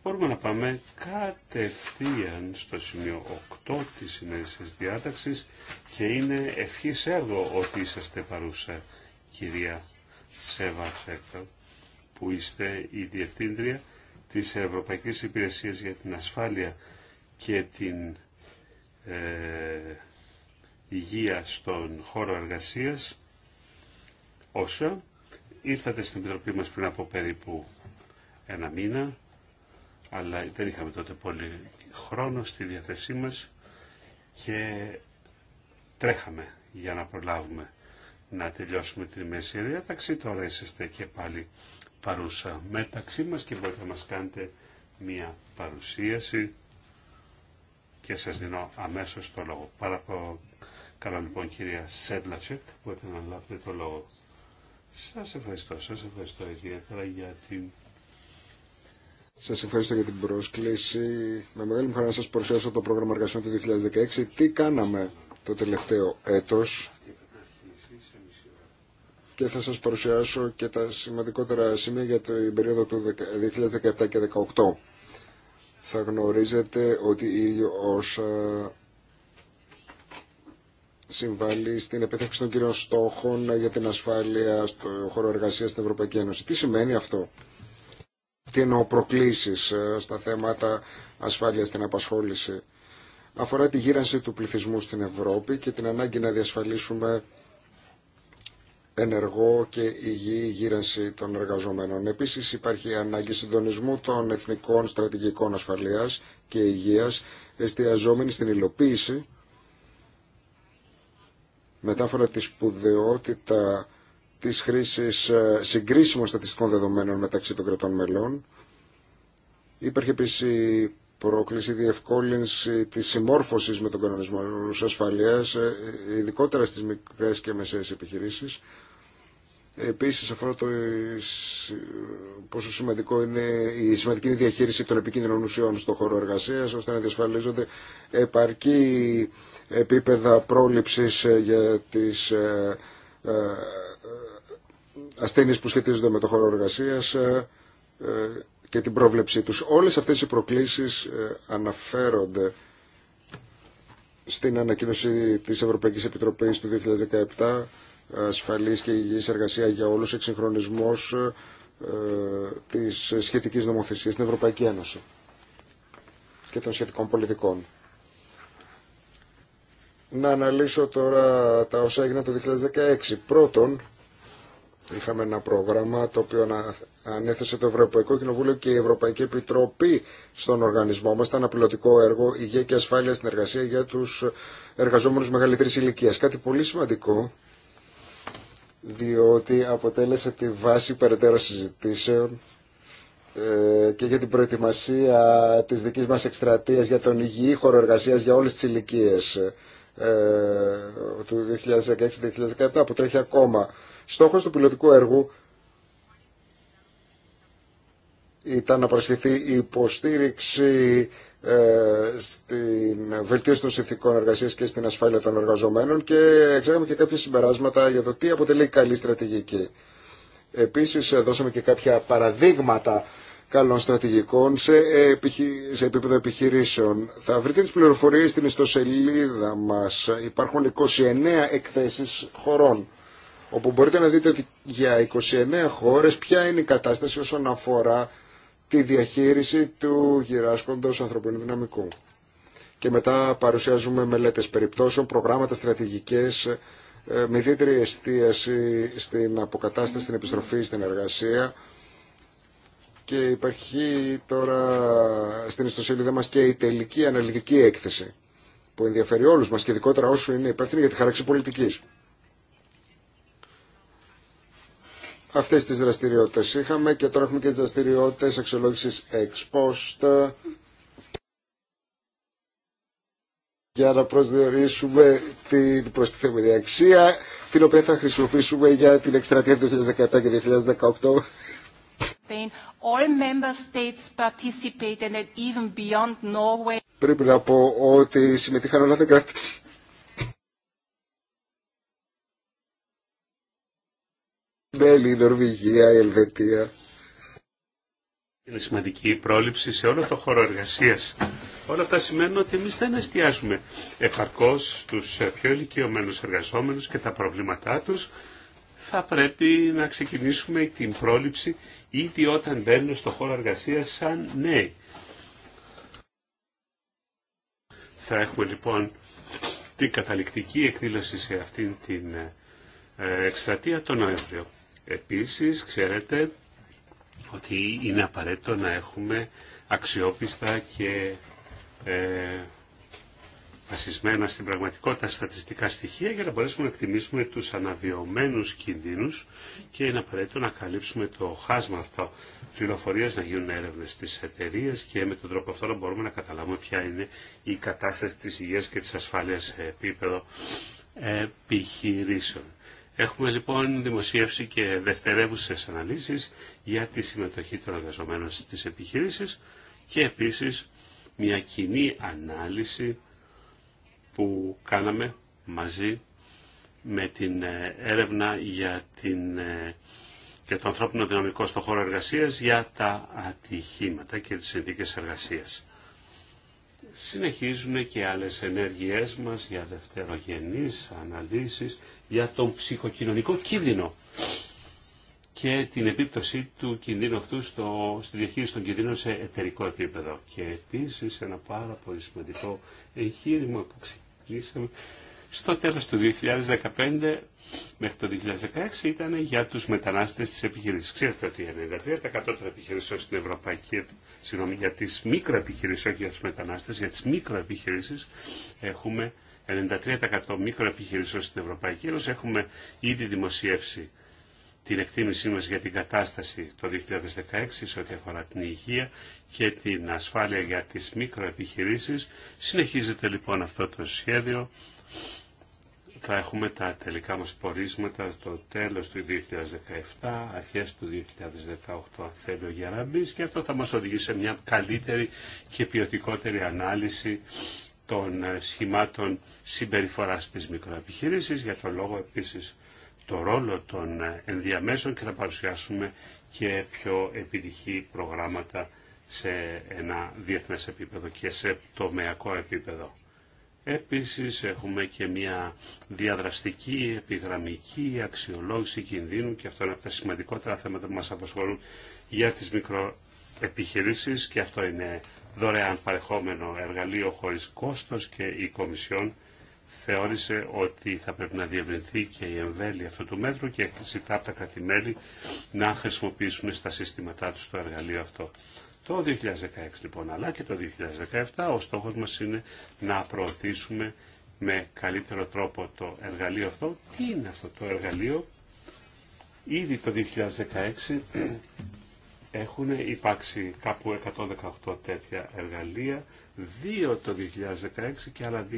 C: μπορούμε να πάμε κατευθείαν στο σημείο 8 της σημερινής διάταξης και είναι ευχής έργο ότι είσαστε παρούσα κυρία Σέβα που είστε η Διευθύντρια της Ευρωπαϊκής Υπηρεσίας για την Ασφάλεια και την ε, Υγεία στον χώρο εργασίας, όσο ήρθατε στην Επιτροπή μας πριν από περίπου ένα μήνα, αλλά δεν είχαμε τότε πολύ χρόνο στη διαθεσή μας και τρέχαμε για να προλάβουμε να τελειώσουμε τη μέση διάταξη. Τώρα είσαστε και πάλι παρούσα μεταξύ μας και μπορείτε να μας κάνετε μία παρουσίαση και σας δίνω αμέσως το λόγο. Παρακαλώ λοιπόν κυρία Σέντλατσεκ, μπορείτε να λάβετε το λόγο. Σας ευχαριστώ, σας ευχαριστώ ιδιαίτερα για την...
B: Σας ευχαριστώ για την πρόσκληση. Με μεγάλη μου χαρά να σας παρουσιάσω το πρόγραμμα εργασιών του 2016. Τι κάναμε το τελευταίο έτος και θα σας παρουσιάσω και τα σημαντικότερα σημεία για την περίοδο του 2017 και 2018. Θα γνωρίζετε ότι η οσα συμβάλλει στην επίτευξη των κυρίων στόχων για την ασφάλεια στο χώρο εργασίας στην Ευρωπαϊκή Ένωση. Τι σημαίνει αυτό. Τι εννοώ προκλήσεις ε, στα θέματα ασφάλειας στην απασχόληση. Αφορά τη γύρανση του πληθυσμού στην Ευρώπη και την ανάγκη να διασφαλίσουμε ενεργό και υγιή γύρανση των εργαζομένων. Επίσης υπάρχει ανάγκη συντονισμού των εθνικών στρατηγικών ασφαλείας και υγείας εστιαζόμενη στην υλοποίηση μετάφορα της σπουδαιότητα της χρήσης ε, συγκρίσιμων στατιστικών δεδομένων μεταξύ των κρατών μελών. Υπήρχε επίση πρόκληση διευκόλυνση της συμμόρφωσης με τον κανονισμό ασφαλείας, ε, ειδικότερα στις μικρές και μεσαίες επιχειρήσεις. Επίση αφορά το ε, πόσο σημαντικό είναι η σημαντική διαχείριση των επικίνδυνων ουσιών στον χώρο εργασία, ώστε να διασφαλίζονται επαρκή επίπεδα πρόληψης ε, για τις ε, ασθένειες που σχετίζονται με το χώρο εργασία και την πρόβλεψή τους. Όλες αυτές οι προκλήσεις αναφέρονται στην ανακοίνωση της Ευρωπαϊκής Επιτροπής του 2017 ασφαλής και υγιής εργασία για όλους, εξυγχρονισμός ε, της σχετικής νομοθεσίας στην Ευρωπαϊκή Ένωση και των σχετικών πολιτικών. Να αναλύσω τώρα τα όσα έγιναν το 2016. Πρώτον, είχαμε ένα πρόγραμμα το οποίο ανέθεσε το Ευρωπαϊκό Κοινοβούλιο και η Ευρωπαϊκή Επιτροπή στον οργανισμό μας. Ήταν ένα έργο υγεία και ασφάλεια στην εργασία για τους εργαζόμενους μεγαλύτερης ηλικία. Κάτι πολύ σημαντικό διότι αποτέλεσε τη βάση περαιτέρω συζητήσεων ε, και για την προετοιμασία της δικής μας εκστρατεία για τον υγιή χώρο για όλες τις ηλικίε ε, του 2016-2017 που τρέχει ακόμα. Στόχος του πιλωτικού έργου ήταν να προσθεθεί η υποστήριξη ε, στην βελτίωση των συνθηκών εργασία και στην ασφάλεια των εργαζομένων και εξάγαμε και κάποια συμπεράσματα για το τι αποτελεί καλή στρατηγική. Επίση, δώσαμε και κάποια παραδείγματα καλών στρατηγικών σε, σε επίπεδο επιχειρήσεων. Θα βρείτε τι πληροφορίε στην ιστοσελίδα μα. Υπάρχουν 29 εκθέσει χωρών όπου μπορείτε να δείτε ότι για 29 χώρες ποια είναι η κατάσταση όσον αφορά τη διαχείριση του γυράσκοντος ανθρωπίνου δυναμικού. Και μετά παρουσιάζουμε μελέτες περιπτώσεων, προγράμματα στρατηγικές, ε, με ιδιαίτερη εστίαση στην αποκατάσταση, στην επιστροφή, στην εργασία. Και υπάρχει τώρα στην ιστοσελίδα μας και η τελική αναλυτική έκθεση που ενδιαφέρει όλους μας και ειδικότερα όσου είναι υπεύθυνοι για τη χάραξη πολιτικής. αυτές τις δραστηριότητες είχαμε και τώρα έχουμε και τις δραστηριότητες αξιολόγησης ex post για να προσδιορίσουμε την προστιθέμενη αξία την οποία θα χρησιμοποιήσουμε για την εκστρατεία του 2017 και 2018. Πρέπει να πω ότι συμμετείχαν όλα τα κράτη Μπέλη, η Νορβηγία, Ελβετία.
C: Είναι σημαντική η πρόληψη σε όλο το χώρο εργασία. Όλα αυτά σημαίνουν ότι εμεί δεν εστιάζουμε επαρκώ στου ε, πιο ηλικιωμένου εργαζόμενου και τα προβλήματά του. Θα πρέπει να ξεκινήσουμε την πρόληψη ήδη όταν μπαίνουν στο χώρο εργασία σαν νέοι. Θα έχουμε λοιπόν την καταληκτική εκδήλωση σε αυτήν την ε, ε, εκστρατεία τον Νοέμβριο. Επίσης, ξέρετε ότι είναι απαραίτητο να έχουμε αξιόπιστα και ε, βασισμένα στην πραγματικότητα στατιστικά στοιχεία για να μπορέσουμε να εκτιμήσουμε τους αναβιωμένους κινδύνους και είναι απαραίτητο να καλύψουμε το χάσμα αυτό πληροφορίες, να γίνουν έρευνες στις εταιρείε και με τον τρόπο αυτό να μπορούμε να καταλάβουμε ποια είναι η κατάσταση της υγείας και της ασφάλειας σε επίπεδο ε, επιχειρήσεων. Έχουμε λοιπόν δημοσίευσει και δευτερεύουσες αναλύσεις για τη συμμετοχή των εργαζομένων στις επιχειρήσεις και επίσης μια κοινή ανάλυση που κάναμε μαζί με την ε, έρευνα για, την, ε, για το ανθρώπινο δυναμικό στον χώρο εργασίας για τα ατυχήματα και τις συνθήκες εργασίας. Συνεχίζουμε και άλλες ενέργειές μας για δευτερογενείς αναλύσεις, για τον ψυχοκοινωνικό κίνδυνο και την επίπτωση του κινδύνου αυτού στο, στη διαχείριση των κινδύνων σε εταιρικό επίπεδο. Και επίσης ένα πάρα πολύ σημαντικό εγχείρημα που ξεκινήσαμε στο τέλος του 2015 μέχρι το 2016 ήταν για τους μετανάστες της επιχειρήσης. Ξέρετε ότι 93% των επιχειρήσεων στην Ευρωπαϊκή, συγγνώμη, για τις μικροεπιχειρήσεις, όχι για τους μετανάστες, για τις μικροεπιχειρήσεις έχουμε 93% μικροεπιχειρήσεων στην Ευρωπαϊκή Ένωση. Έχουμε ήδη δημοσιεύσει την εκτίμησή μας για την κατάσταση το 2016 σε ό,τι αφορά την υγεία και την ασφάλεια για τις μικροεπιχειρήσεις. Συνεχίζεται λοιπόν αυτό το σχέδιο θα έχουμε τα τελικά μας πορίσματα το τέλος του 2017, αρχές του 2018 αν θέλει ο Γεραμπής και αυτό θα μας οδηγήσει σε μια καλύτερη και ποιοτικότερη ανάλυση των ε, σχημάτων συμπεριφοράς της μικροεπιχείρησης, για τον λόγο επίσης το ρόλο των ε, ενδιαμέσων και θα παρουσιάσουμε και πιο επιτυχή προγράμματα σε ένα διεθνές επίπεδο και σε τομεακό επίπεδο. Επίσης έχουμε και μια διαδραστική, επιγραμμική αξιολόγηση κινδύνου και αυτό είναι από τα σημαντικότερα θέματα που μας απασχολούν για τις μικροεπιχειρήσεις και αυτό είναι δωρεάν παρεχόμενο εργαλείο χωρίς κόστος και η Κομισιόν θεώρησε ότι θα πρέπει να διευρυνθεί και η εμβέλεια αυτού του μέτρου και ζητά από τα κρατημέλη να χρησιμοποιήσουν στα συστήματά τους το εργαλείο αυτό. Το 2016 λοιπόν, αλλά και το 2017, ο στόχος μας είναι να προωθήσουμε με καλύτερο τρόπο το εργαλείο αυτό. Τι είναι αυτό το εργαλείο. Ήδη το 2016 έχουν υπάρξει κάπου 118 τέτοια εργαλεία, δύο το 2016 και άλλα 20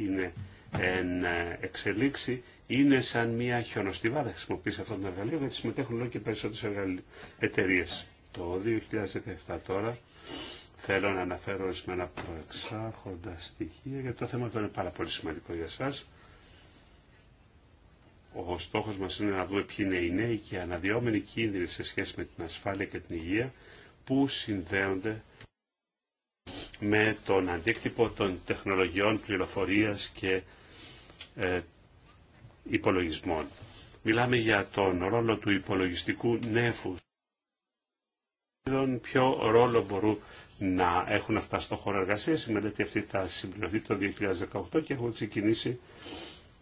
C: είναι εν ε, εξελίξη. Είναι σαν μια χιονοστιβάδα χρησιμοποιήσει αυτό το εργαλείο γιατί συμμετέχουν όλο και περισσότερε εταιρείε. Το 2017 τώρα θέλω να αναφέρω ορισμένα προεξάχοντα στοιχεία γιατί το θέμα αυτό είναι πάρα πολύ σημαντικό για σας. Ο στόχος μας είναι να δούμε ποιοι είναι οι νέοι και αναδυόμενοι κίνδυνοι σε σχέση με την ασφάλεια και την υγεία που συνδέονται με τον αντίκτυπο των τεχνολογιών πληροφορίας και ε, υπολογισμών. Μιλάμε για τον ρόλο του υπολογιστικού νέφους ποιο ρόλο μπορούν να έχουν αυτά στο χώρο εργασία. Η μελέτη αυτή θα συμπληρωθεί το 2018 και έχουν ξεκινήσει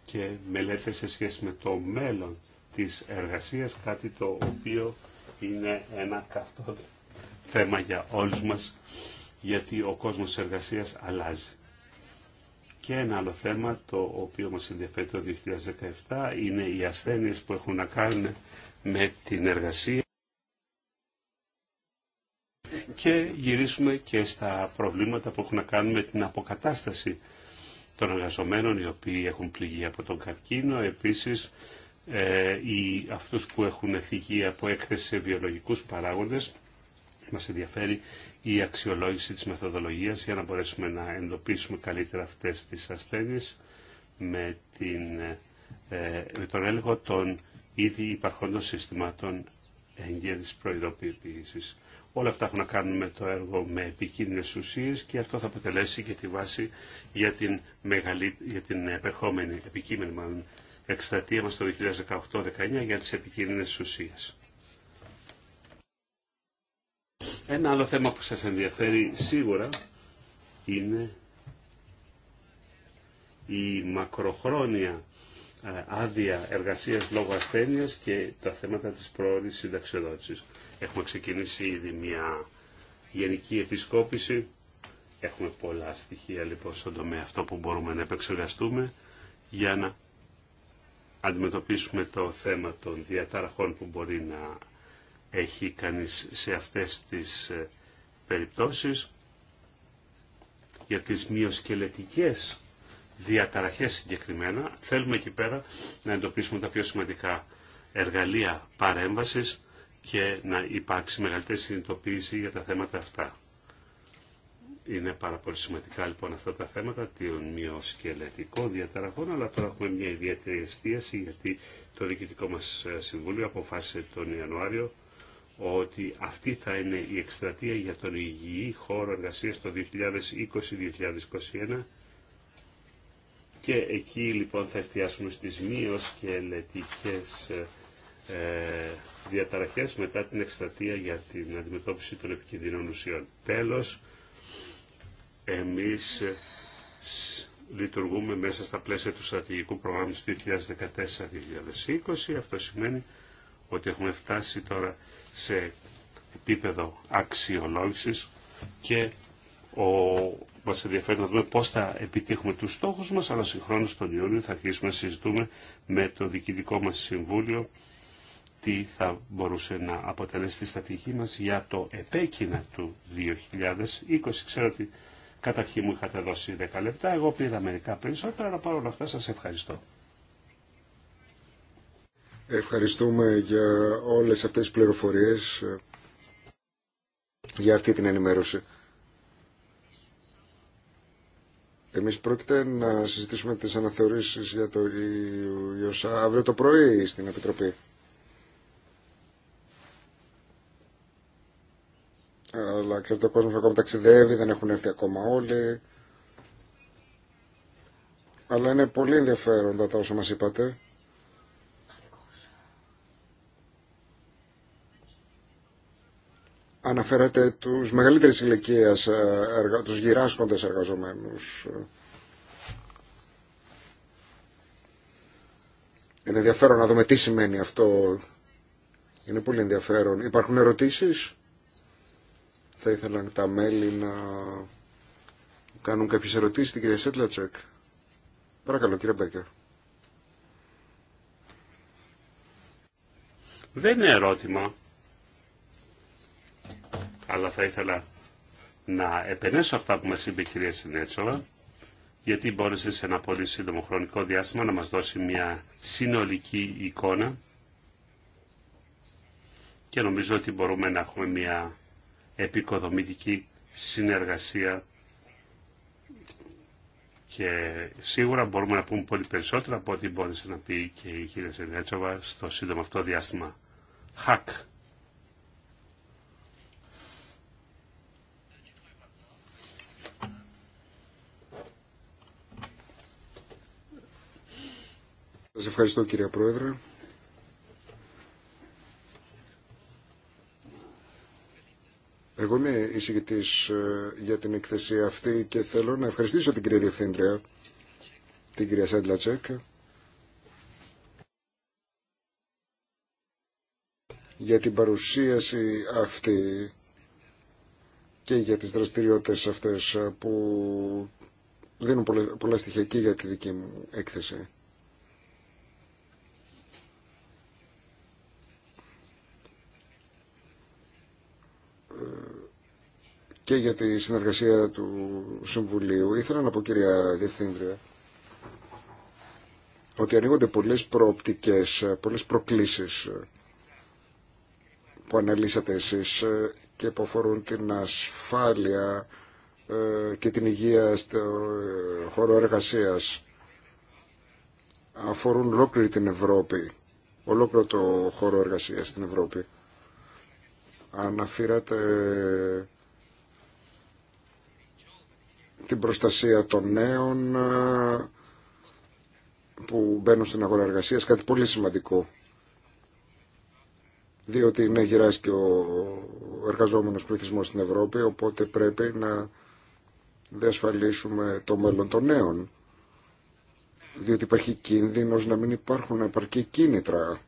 C: και μελέτε σε σχέση με το μέλλον της εργασίας, κάτι το οποίο είναι ένα καυτό θέμα για όλους μας, γιατί ο κόσμος της εργασίας αλλάζει. Και ένα άλλο θέμα το οποίο μας ενδιαφέρει το 2017 είναι οι ασθένειες που έχουν να κάνουν με την εργασία και γυρίσουμε και στα προβλήματα που έχουν να κάνουν με την αποκατάσταση των εργαζομένων οι οποίοι έχουν πληγεί από τον καρκίνο, επίσης ε, οι, αυτούς που έχουν θυγεί από έκθεση σε βιολογικούς παράγοντες. Μας ενδιαφέρει η αξιολόγηση της μεθοδολογίας για να μπορέσουμε να εντοπίσουμε καλύτερα αυτές τις ασθένειες με, την, ε, τον έλεγχο των ήδη υπαρχόντων συστημάτων εγγύρης προειδοποίησης. Όλα αυτά έχουν να κάνουν με το έργο με επικίνδυνες ουσίες και αυτό θα αποτελέσει και τη βάση για την, μεγαλή, για την επερχόμενη επικείμενη μάλλον, εκστρατεία μας το 2018 2019 για τις επικίνδυνες ουσίες. Ένα άλλο θέμα που σας ενδιαφέρει σίγουρα είναι η μακροχρόνια άδεια εργασίας λόγω ασθένειας και τα θέματα της προώρησης συνταξιοδότησης. Έχουμε ξεκινήσει ήδη μια γενική επισκόπηση. Έχουμε πολλά στοιχεία λοιπόν στον τομέα αυτό που μπορούμε να επεξεργαστούμε για να αντιμετωπίσουμε το θέμα των διαταραχών που μπορεί να έχει κανείς σε αυτές τις ε, περιπτώσεις για τις μειοσκελετικές διαταραχές συγκεκριμένα. Θέλουμε εκεί πέρα να εντοπίσουμε τα πιο σημαντικά εργαλεία παρέμβασης και να υπάρξει μεγαλύτερη συνειδητοποίηση για τα θέματα αυτά. Είναι πάρα πολύ σημαντικά λοιπόν αυτά τα θέματα των μειοσκελετικό διαταραχών, αλλά τώρα έχουμε μια ιδιαίτερη εστίαση γιατί το Διοικητικό μας ε, Συμβούλιο αποφάσισε τον Ιανουάριο ότι αυτή θα είναι η εκστρατεία για τον υγιή χώρο εργασίας το 2020-2021 και εκεί λοιπόν θα εστιάσουμε στις μειοσκελετικές ε, διαταραχές μετά την εκστατεία για την αντιμετώπιση των επικίνδυνων ουσιών. Τέλος, εμείς ε, λειτουργούμε μέσα στα πλαίσια του στρατηγικού προγράμματος 2014-2020. Αυτό σημαίνει ότι έχουμε φτάσει τώρα σε επίπεδο αξιολόγησης και ο, μας ενδιαφέρει να δούμε πώς θα επιτύχουμε τους στόχους μας, αλλά συγχρόνως τον Ιούνιο θα αρχίσουμε να συζητούμε με το Διοικητικό μας Συμβούλιο τι θα μπορούσε να αποτελέσει τη στατική μας για το επέκεινα του 2020. Ξέρω ότι καταρχήν μου είχατε δώσει 10 λεπτά, εγώ πήρα μερικά περισσότερα, αλλά παρόλα αυτά σας ευχαριστώ.
B: Ευχαριστούμε για όλες αυτές τις πληροφορίες, για αυτή την ενημέρωση. Εμεί πρόκειται να συζητήσουμε τις αναθεωρήσεις για το ΙΟΣΑ αύριο το πρωί στην Επιτροπή. Αλλά και το κόσμο ακόμα ταξιδεύει, δεν έχουν έρθει ακόμα όλοι. Αλλά είναι πολύ ενδιαφέροντα τα όσα μας είπατε. Αναφέρατε τους μεγαλύτερες ηλικία ε, τους γυράσκοντες εργαζομένους. Είναι ενδιαφέρον να δούμε τι σημαίνει αυτό. Είναι πολύ ενδιαφέρον. Υπάρχουν ερωτήσεις. Θα ήθελαν τα μέλη να κάνουν κάποιες ερωτήσεις στην κυρία Σέτλατσεκ. Παρακαλώ κύριε Μπέκερ.
C: Δεν είναι ερώτημα αλλά θα ήθελα να επενέσω αυτά που μας είπε η κυρία Σενέτσοβα, γιατί μπόρεσε σε ένα πολύ σύντομο χρονικό διάστημα να μας δώσει μια συνολική εικόνα και νομίζω ότι μπορούμε να έχουμε μια επικοδομητική συνεργασία και σίγουρα μπορούμε να πούμε πολύ περισσότερα από ό,τι μπόρεσε να πει και η κυρία Σενέτσοβα στο σύντομο αυτό διάστημα. Χακ.
B: Σας ευχαριστώ κύριε Πρόεδρε. Εγώ είμαι εισηγητής ε, για την εκθεσή αυτή και θέλω να ευχαριστήσω την κυρία Διευθύντρια, την κυρία Σέντλα για την παρουσίαση αυτή και για τις δραστηριότητες αυτές ε, που δίνουν πολλά στοιχεία και για τη δική μου έκθεση. και για τη συνεργασία του Συμβουλίου. Ήθελα να πω, κυρία Διευθύντρια, ότι ανοίγονται πολλές προοπτικές, πολλές προκλήσεις που αναλύσατε εσείς και που αφορούν την ασφάλεια ε, και την υγεία στο ε, χώρο εργασίας. Αφορούν ολόκληρη την Ευρώπη, ολόκληρο το χώρο εργασίας στην Ευρώπη. Αναφέρατε την προστασία των νέων ε, που μπαίνουν στην αγορά εργασίας, κάτι πολύ σημαντικό. Διότι είναι γυράς και ο εργαζόμενος πληθυσμός στην Ευρώπη, οπότε πρέπει να διασφαλίσουμε το μέλλον των νέων. Διότι υπάρχει κίνδυνος να μην υπάρχουν επαρκή κίνητρα.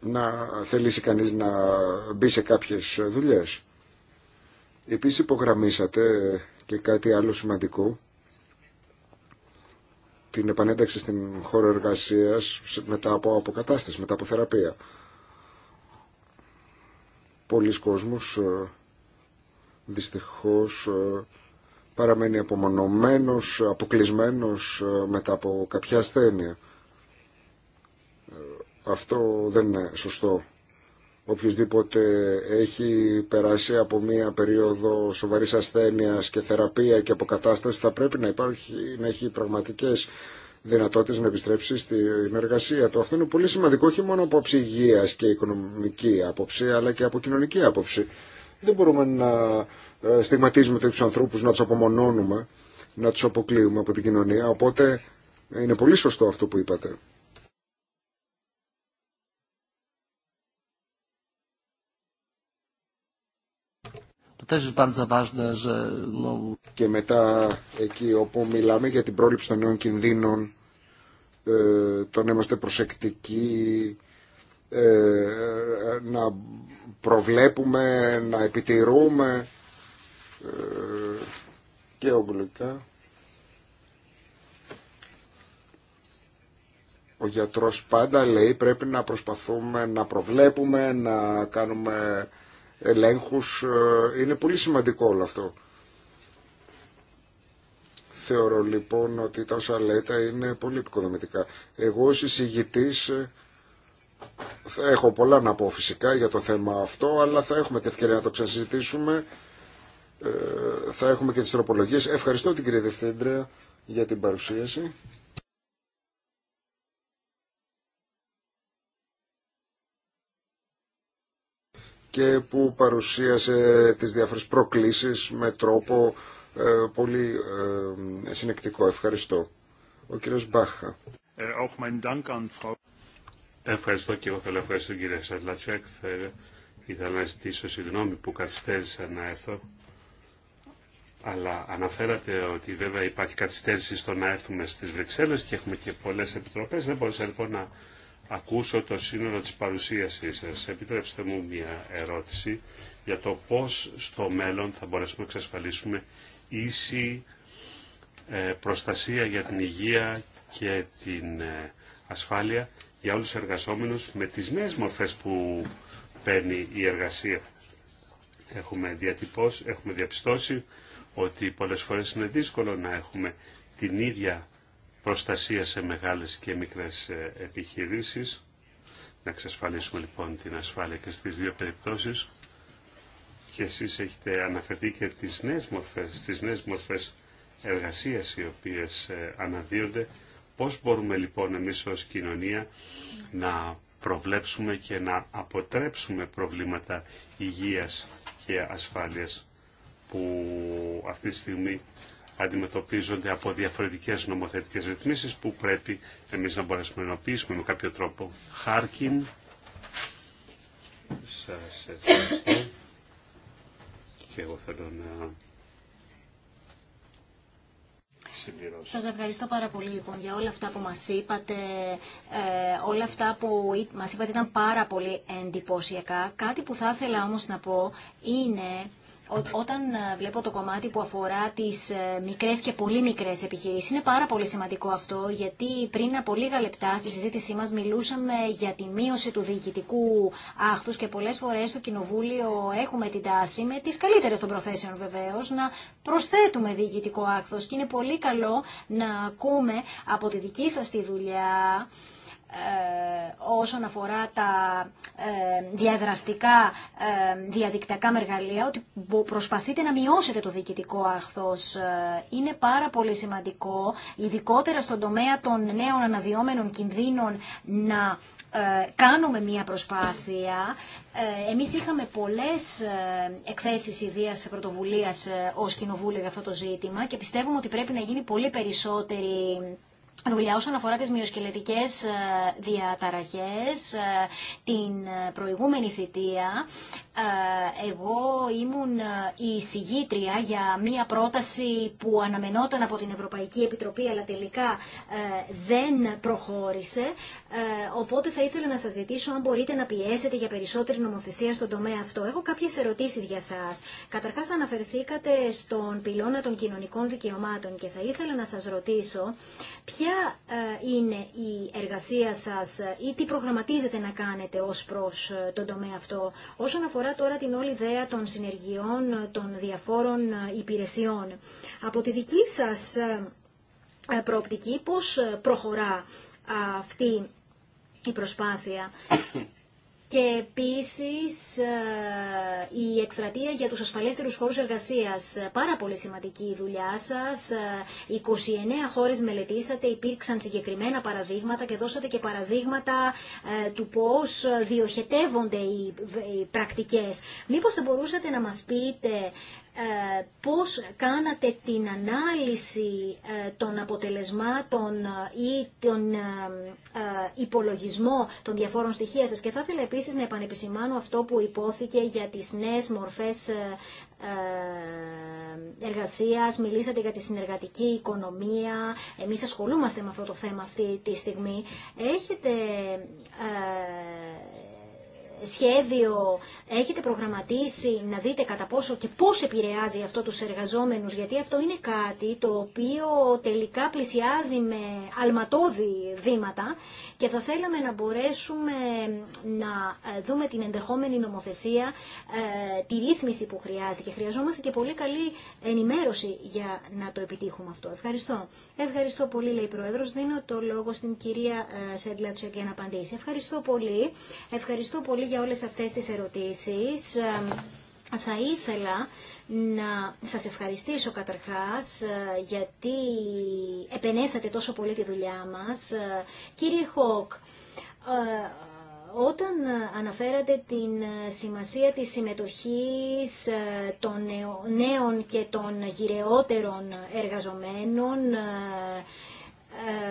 B: Να θελήσει κανείς να μπει σε κάποιες δουλειές. Επίσης υπογραμμίσατε και κάτι άλλο σημαντικό, την επανένταξη στην χώρα εργασίας μετά από αποκατάσταση, μετά από θεραπεία. Πολλοί κόσμος ε, δυστυχώς ε, παραμένει απομονωμένος, αποκλεισμένος ε, μετά από κάποια ασθένεια. Αυτό δεν είναι σωστό οποιοδήποτε έχει περάσει από μια περίοδο σοβαρής ασθένειας και θεραπεία και αποκατάσταση θα πρέπει να, υπάρχει, να έχει πραγματικές δυνατότητες να επιστρέψει στην εργασία του. Αυτό είναι πολύ σημαντικό όχι μόνο από ψυγεία και οικονομική άποψη αλλά και από κοινωνική άποψη. Δεν μπορούμε να ε, στιγματίζουμε τέτοιους ανθρώπους, να τους απομονώνουμε, να τους αποκλείουμε από την κοινωνία. Οπότε είναι πολύ σωστό αυτό που είπατε. Και μετά εκεί όπου μιλάμε για την πρόληψη των νέων κινδύνων, ε, το να είμαστε προσεκτικοί, ε, να προβλέπουμε, να επιτηρούμε ε, και ογγλικά. Ο γιατρός πάντα λέει πρέπει να προσπαθούμε να προβλέπουμε, να κάνουμε ελέγχους. Ε, είναι πολύ σημαντικό όλο αυτό. Θεωρώ λοιπόν ότι τα όσα λέτε είναι πολύ επικοδομητικά. Εγώ ως εισηγητής ε, θα έχω πολλά να πω φυσικά για το θέμα αυτό, αλλά θα έχουμε την ευκαιρία να το ξανασυζητήσουμε. Ε, θα έχουμε και τις τροπολογίες. Ευχαριστώ την κυρία Διευθύντρια για την παρουσίαση. και που παρουσίασε τις διάφορες προκλήσεις με τρόπο ε, πολύ ε, συνεκτικό. Ευχαριστώ. Ο κύριος Μπάχα.
C: Ε, ευχαριστώ και εγώ θέλω να ευχαριστώ τον κύριο Σαντλατσέκ. Ήθελα να ζητήσω συγγνώμη που καθυστέρησα να έρθω. Αλλά αναφέρατε ότι βέβαια υπάρχει καθυστέρηση στο να έρθουμε στις Βρυξέλλες και έχουμε και πολλές επιτροπές. Δεν μπορούσα λοιπόν να ακούσω το σύνολο της παρουσίασής σας. Επιτρέψτε μου μια ερώτηση για το πώς στο μέλλον θα μπορέσουμε να εξασφαλίσουμε ίση ε, προστασία για την υγεία και την ε, ασφάλεια για όλους τους εργαζόμενους με τις νέες μορφές που παίρνει η εργασία. Έχουμε, διατυπώσει, έχουμε διαπιστώσει ότι πολλές φορές είναι δύσκολο να έχουμε την ίδια προστασία σε μεγάλες και μικρές ε, επιχειρήσεις. Να εξασφαλίσουμε λοιπόν την ασφάλεια και στις δύο περιπτώσεις. Και εσείς έχετε αναφερθεί και τις νέες μορφές, τις νέες μορφές εργασίας οι οποίες ε, αναδύονται. Πώς μπορούμε λοιπόν εμείς ως κοινωνία να προβλέψουμε και να αποτρέψουμε προβλήματα υγείας και ασφάλειας που αυτή τη στιγμή αντιμετωπίζονται από διαφορετικές νομοθετικές ρυθμίσεις που πρέπει εμείς να μπορέσουμε να ενοποιήσουμε με κάποιο τρόπο. Χάρκιν. Σας ευχαριστώ. Και θέλω να σας
A: ευχαριστώ πάρα πολύ λοιπόν για όλα αυτά που μας είπατε. Ε, όλα αυτά που μας είπατε ήταν πάρα πολύ εντυπωσιακά. Κάτι που θα ήθελα όμως να πω είναι όταν ε, βλέπω το κομμάτι που αφορά τις ε, μικρές και πολύ μικρές επιχειρήσεις, είναι πάρα πολύ σημαντικό αυτό, γιατί πριν από λίγα λεπτά στη συζήτησή μας μιλούσαμε για τη μείωση του διοικητικού άχθους και πολλές φορές στο Κοινοβούλιο έχουμε την τάση, με τις καλύτερες των προθέσεων βεβαίως, να προσθέτουμε διοικητικό άχθος και είναι πολύ καλό να ακούμε από τη δική σας τη δουλειά ε, όσον αφορά τα ε, διαδραστικά ε, διαδικτυακά μεργαλεία ότι προσπαθείτε να μειώσετε το διοικητικό άχθος. Είναι πάρα πολύ σημαντικό, ειδικότερα στον τομέα των νέων αναδυόμενων κινδύνων, να κάνουμε μία προσπάθεια. Εμείς είχαμε πολλές εκθέσεις ιδίας πρωτοβουλίας ως Κοινοβούλιο για αυτό το ζήτημα και πιστεύουμε ότι πρέπει να γίνει πολύ περισσότερη δουλειά όσον αφορά τις μειοσκελετικές ε, διαταραχές ε, την ε, προηγούμενη θητεία εγώ ήμουν η συγγήτρια για μία πρόταση που αναμενόταν από την Ευρωπαϊκή Επιτροπή αλλά τελικά δεν προχώρησε οπότε θα ήθελα να σας ζητήσω αν μπορείτε να πιέσετε για περισσότερη νομοθεσία στον τομέα αυτό. Έχω κάποιες ερωτήσεις για σας. Καταρχάς αναφερθήκατε στον πυλώνα των κοινωνικών δικαιωμάτων και θα ήθελα να σας ρωτήσω ποια ποια ε, είναι η εργασία σας ε, ή τι προγραμματίζετε να κάνετε ως προς ε, τον τομέα αυτό. Όσον αφορά τώρα την όλη ιδέα των συνεργειών των διαφόρων υπηρεσιών. Από τη δική σας προοπτική πώς προχωρά αυτή η προσπάθεια και επίση ε, η εκστρατεία για τους ασφαλέστερους χώρου εργασίας. Πάρα πολύ σημαντική η δουλειά σα. 29 χώρε μελετήσατε, υπήρξαν συγκεκριμένα παραδείγματα και δώσατε και παραδείγματα ε, του πώ ε, διοχετεύονται οι πρακτικές. Μήπω θα μπορούσατε να μα πείτε ε, πώς κάνατε την ανάλυση ε, των αποτελεσμάτων ε, ή τον υπολογισμό των διαφόρων στοιχείων σας. Και θα ήθελα επίσης να επανεπισημάνω αυτό που υπόθηκε για τις νέες μορφές εργασίας, μιλήσατε για τη συνεργατική οικονομία, εμείς ασχολούμαστε με αυτό το θέμα αυτή τη στιγμή. Έχετε σχέδιο έχετε προγραμματίσει να δείτε κατά πόσο και πώς επηρεάζει αυτό τους εργαζόμενους, γιατί αυτό είναι κάτι το οποίο τελικά πλησιάζει με αλματώδη βήματα και θα θέλαμε να μπορέσουμε να ε, δούμε την ενδεχόμενη νομοθεσία, ε, τη ρύθμιση που χρειάζεται και χρειαζόμαστε και πολύ καλή ενημέρωση για να το επιτύχουμε αυτό. Ευχαριστώ. Ευχαριστώ πολύ, λέει η Πρόεδρος. Δίνω το λόγο στην κυρία ε, Σέντλατσο για να απαντήσει. Ευχαριστώ πολύ. Ευχαριστώ πολύ για όλες αυτές τις ερωτήσεις. Ε, θα ήθελα να σας ευχαριστήσω καταρχάς ε, γιατί επενέσατε τόσο πολύ τη δουλειά μας. Ε, κύριε Χόκ, όταν αναφέρατε την σημασία της συμμετοχής των νέων και των γυρεότερων εργαζομένων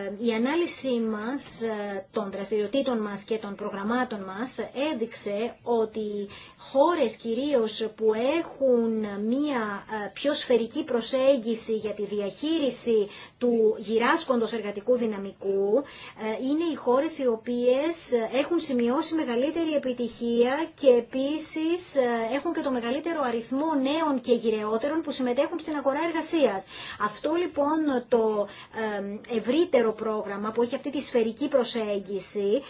A: ε, η ανάλυση μας ε, των δραστηριοτήτων μας και των προγραμμάτων μας έδειξε ότι χώρες κυρίως που έχουν μία ε, πιο σφαιρική προσέγγιση για τη διαχείριση του γυράσκοντος εργατικού δυναμικού ε, είναι οι χώρες οι οποίες ε, έχουν σημειώσει μεγαλύτερη επιτυχία και επίσης ε, έχουν και το μεγαλύτερο αριθμό νέων και γυρεότερων που συμμετέχουν στην αγορά εργασίας. Αυτό λοιπόν το ευρύτερο πρόγραμμα που έχει αυτή τη σφαιρική προσέγγιση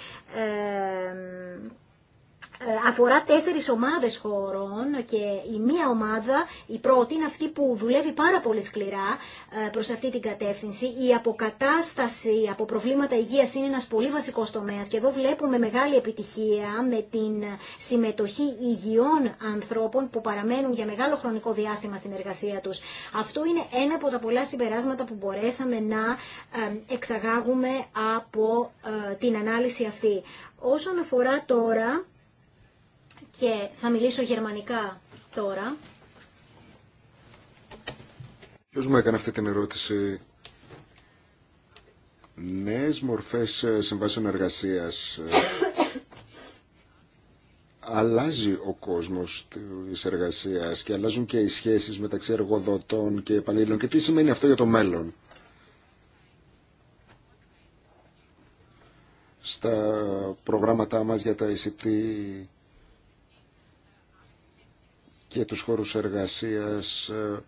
A: ε, αφορά τέσσερις ομάδες χωρών και η μία ομάδα, η πρώτη, είναι αυτή που δουλεύει πάρα πολύ σκληρά ε, προς αυτή την κατεύθυνση. Η αποκατάσταση από προβλήματα υγείας είναι ένας πολύ βασικός τομέας και εδώ βλέπουμε μεγάλη επιτυχία με την συμμετοχή υγιών ανθρώπων που παραμένουν για μεγάλο χρονικό διάστημα στην εργασία τους. Αυτό είναι ένα από τα πολλά συμπεράσματα που μπορέσαμε να εξαγάγουμε από ε, την ανάλυση αυτή. Όσον αφορά τώρα και θα μιλήσω γερμανικά τώρα.
B: Ποιος μου έκανε αυτή την ερώτηση. Νέες μορφές ε, συμβάσεων εργασίας. Ε, αλλάζει ο κόσμος της εργασίας και αλλάζουν και οι σχέσεις μεταξύ εργοδοτών και επανήλων. Και τι σημαίνει αυτό για το μέλλον. Στα προγράμματά μας για τα ICT και τους χώρους εργασίας ε,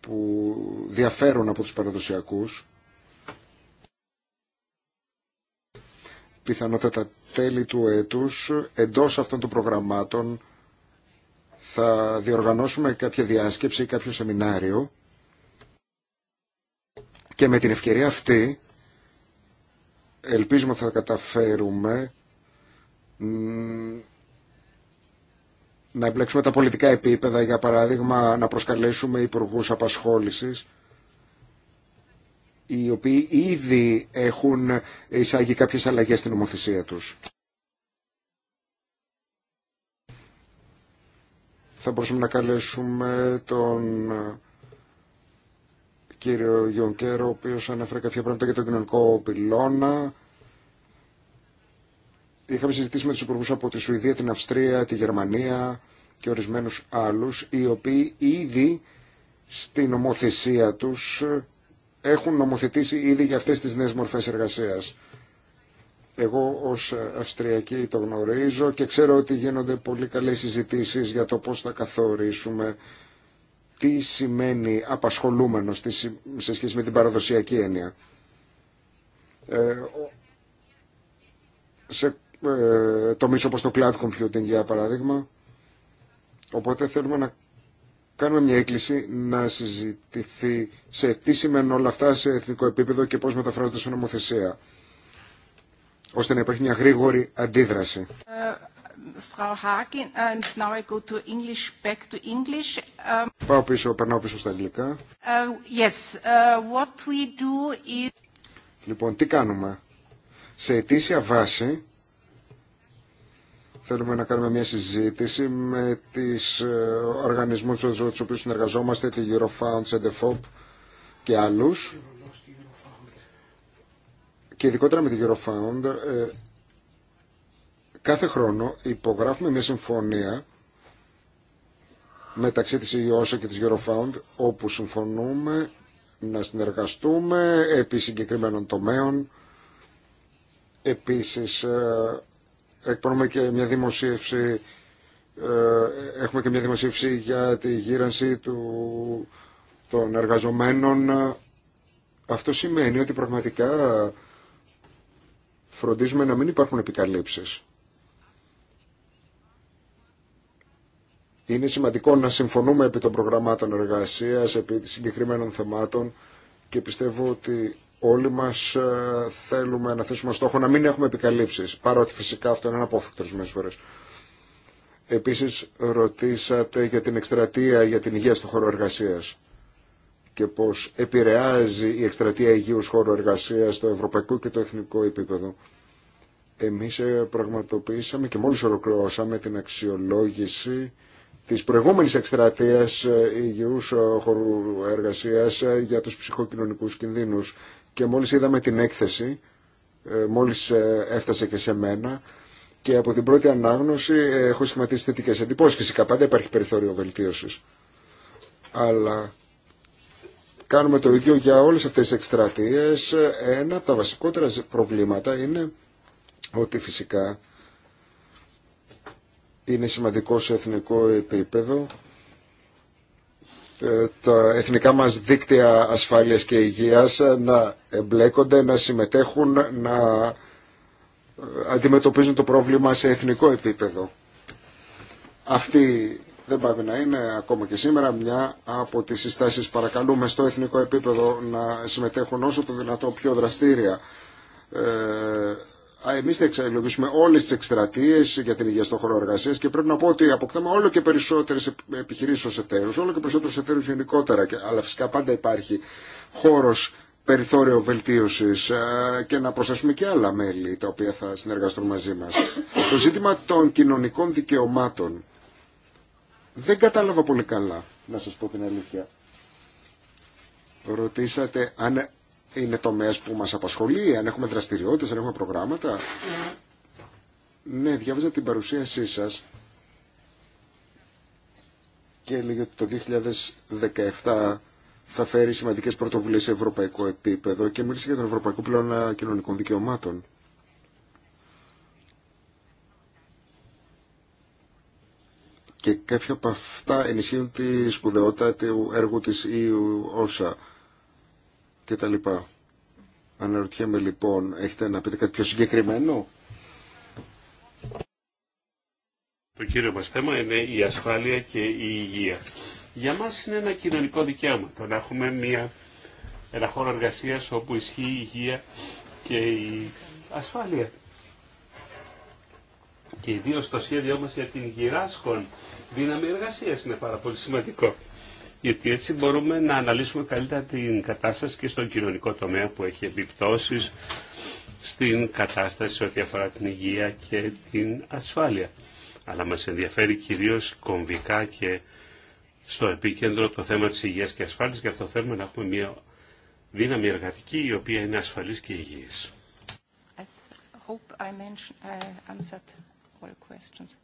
B: που διαφέρουν από τους παραδοσιακούς. Πιθανότατα τέλη του έτους, εντός αυτών των προγραμμάτων, θα διοργανώσουμε κάποια διάσκεψη ή κάποιο σεμινάριο και με την ευκαιρία αυτή ελπίζουμε θα καταφέρουμε να εμπλέξουμε τα πολιτικά επίπεδα, για παράδειγμα να προσκαλέσουμε υπουργού απασχόλησης, οι οποίοι ήδη έχουν εισάγει κάποιες αλλαγές στην ομοθεσία τους. Θα μπορούσαμε να καλέσουμε τον κύριο Γιονκέρο, ο οποίος ανέφερε κάποια πράγματα για τον κοινωνικό πυλώνα, είχαμε συζητήσει με του υπουργού από τη Σουηδία, την Αυστρία, τη Γερμανία και ορισμένους άλλους, οι οποίοι ήδη στην νομοθεσία τους έχουν νομοθετήσει ήδη για αυτές τις νέε μορφέ εργασία. Εγώ ως Αυστριακή το γνωρίζω και ξέρω ότι γίνονται πολύ καλές συζητήσεις για το πώς θα καθορίσουμε τι σημαίνει απασχολούμενο σε σχέση με την παραδοσιακή έννοια. Ε, σε ε, το μίσο όπως το cloud computing για παράδειγμα. Οπότε θέλουμε να κάνουμε μια έκκληση να συζητηθεί σε τι σημαίνουν όλα αυτά σε εθνικό επίπεδο και πώς μεταφράζονται σε νομοθεσία ώστε να υπάρχει μια γρήγορη αντίδραση. Πάω πίσω, περνάω πίσω στα αγγλικά. Ε, yes, ε, what we do is... Λοιπόν, τι κάνουμε. Σε αιτήσια βάση Θέλουμε να κάνουμε μια συζήτηση με τις ε, οργανισμούς με τους οποίους συνεργαζόμαστε, τη Eurofound, Sendefop και άλλους. Και ειδικότερα με τη Eurofound, ε, κάθε χρόνο υπογράφουμε μια συμφωνία μεταξύ της EOSA και της Eurofound, όπου συμφωνούμε να συνεργαστούμε επί συγκεκριμένων τομέων. Επίσης, ε, εκπονούμε και μια δημοσίευση ε, έχουμε και μια δημοσίευση για τη γύρανση του, των εργαζομένων. Αυτό σημαίνει ότι πραγματικά φροντίζουμε να μην υπάρχουν επικαλύψεις. Είναι σημαντικό να συμφωνούμε επί των προγραμμάτων εργασίας, επί συγκεκριμένων θεμάτων και πιστεύω ότι Όλοι μας ε, θέλουμε να θέσουμε στόχο να μην έχουμε επικαλύψεις, παρότι φυσικά αυτό είναι ένα απόφευκτο φορέ. φορές. Επίσης ρωτήσατε για την εκστρατεία για την υγεία στο χώρο εργασίας και πώς επηρεάζει η εκστρατεία υγείου χώρου εργασίας στο ευρωπαϊκό και το εθνικό επίπεδο. Εμείς ε, πραγματοποιήσαμε και μόλις ολοκληρώσαμε την αξιολόγηση της προηγούμενης εκστρατείας ε, υγιούς χώρου εργασία για τους ψυχοκοινωνικού κινδύνους και μόλις είδαμε την έκθεση, ε, μόλις ε, έφτασε και σε μένα και από την πρώτη ανάγνωση ε, έχω σχηματίσει θετικέ εντυπώσεις. Φυσικά πάντα υπάρχει περιθώριο βελτίωσης. Αλλά κάνουμε το ίδιο για όλες αυτές τις εκστρατείες. Ένα από τα βασικότερα προβλήματα είναι ότι φυσικά είναι σημαντικό σε εθνικό επίπεδο ε, τα εθνικά μας δίκτυα ασφάλειας και υγείας ε, να εμπλέκονται, να συμμετέχουν, να ε, αντιμετωπίζουν το πρόβλημα σε εθνικό επίπεδο. Αυτή δεν πάει να είναι ακόμα και σήμερα μια από τις συστάσεις παρακαλούμε στο εθνικό επίπεδο να συμμετέχουν όσο το δυνατόν πιο δραστήρια εμεί θα εξελογήσουμε όλε τι εκστρατείε για την υγεία στον χώρο εργασία και πρέπει να πω ότι αποκτάμε όλο και περισσότερε επιχειρήσει ω εταίρου, όλο και περισσότερου εταίρου γενικότερα. Αλλά φυσικά πάντα υπάρχει χώρο περιθώριο βελτίωση ε, και να προσθέσουμε και άλλα μέλη τα οποία θα συνεργαστούν μαζί μα. Το ζήτημα των κοινωνικών δικαιωμάτων δεν κατάλαβα πολύ καλά, να σα πω την αλήθεια. Ρωτήσατε αν είναι τομέα που μας απασχολεί, αν έχουμε δραστηριότητες, αν έχουμε προγράμματα. Ναι, διάβαζα την παρουσίασή σας και έλεγε ότι το 2017 θα φέρει σημαντικές πρωτοβουλίες σε ευρωπαϊκό επίπεδο και μίλησε για τον Ευρωπαϊκό Πλώνα Κοινωνικών Δικαιωμάτων. Και κάποια από αυτά ενισχύουν τη σπουδαιότητα του έργου της EU όσα κτλ. Αναρωτιέμαι λοιπόν, έχετε να πείτε κάτι πιο συγκεκριμένο.
C: Το κύριο μας θέμα είναι η ασφάλεια και η υγεία. Για μας είναι ένα κοινωνικό δικαίωμα το να έχουμε μια, ένα χώρο εργασίας όπου ισχύει η υγεία και η ασφάλεια. Και ιδίω το σχέδιό μας για την γυράσκον δύναμη εργασίας είναι πάρα πολύ σημαντικό γιατί έτσι μπορούμε να αναλύσουμε καλύτερα την κατάσταση και στον κοινωνικό τομέα που έχει επιπτώσεις στην κατάσταση ό,τι αφορά την υγεία και την ασφάλεια. Αλλά μας ενδιαφέρει κυρίως κομβικά και στο επίκεντρο το θέμα της υγείας και ασφάλειας και αυτό θέλουμε να έχουμε μια δύναμη εργατική η οποία είναι ασφαλής και υγιής. Uh,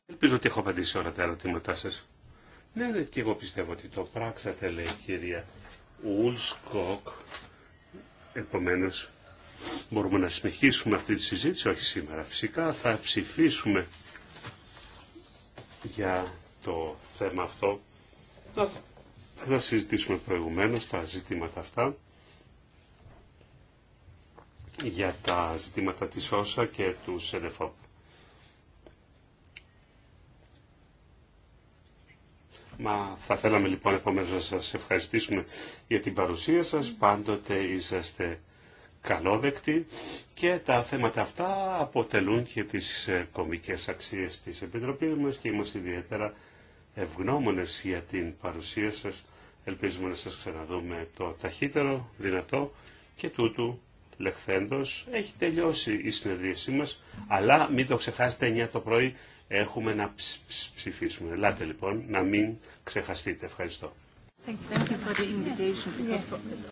C: Ελπίζω ότι έχω απαντήσει όλα τα ερωτήματά σας. Ναι, ναι, και εγώ πιστεύω ότι το πράξατε, λέει η κυρία Ουλσκοκ. Επομένω, μπορούμε να συνεχίσουμε αυτή τη συζήτηση, όχι σήμερα φυσικά. Θα ψηφίσουμε για το θέμα αυτό. Θα, θα συζητήσουμε προηγουμένω τα ζητήματα αυτά για τα ζητήματα της ΩΣΑ και του ΣΕΔΕΦΟΠ. Μα θα θέλαμε λοιπόν επομένως να σας ευχαριστήσουμε για την παρουσία σας. Πάντοτε είσαστε καλόδεκτοι και τα θέματα αυτά αποτελούν και τις ε, κομικές αξίες της Επιτροπής μας και είμαστε ιδιαίτερα ευγνώμονες για την παρουσία σας. Ελπίζουμε να σας ξαναδούμε το ταχύτερο δυνατό και τούτου λεχθέντος. Έχει τελειώσει η συνεδρίασή μας, αλλά μην το ξεχάσετε 9 το πρωί έχουμε να ψηφίσουμε. Ελάτε λοιπόν να μην ξεχαστείτε. Ευχαριστώ.
A: Thank you for the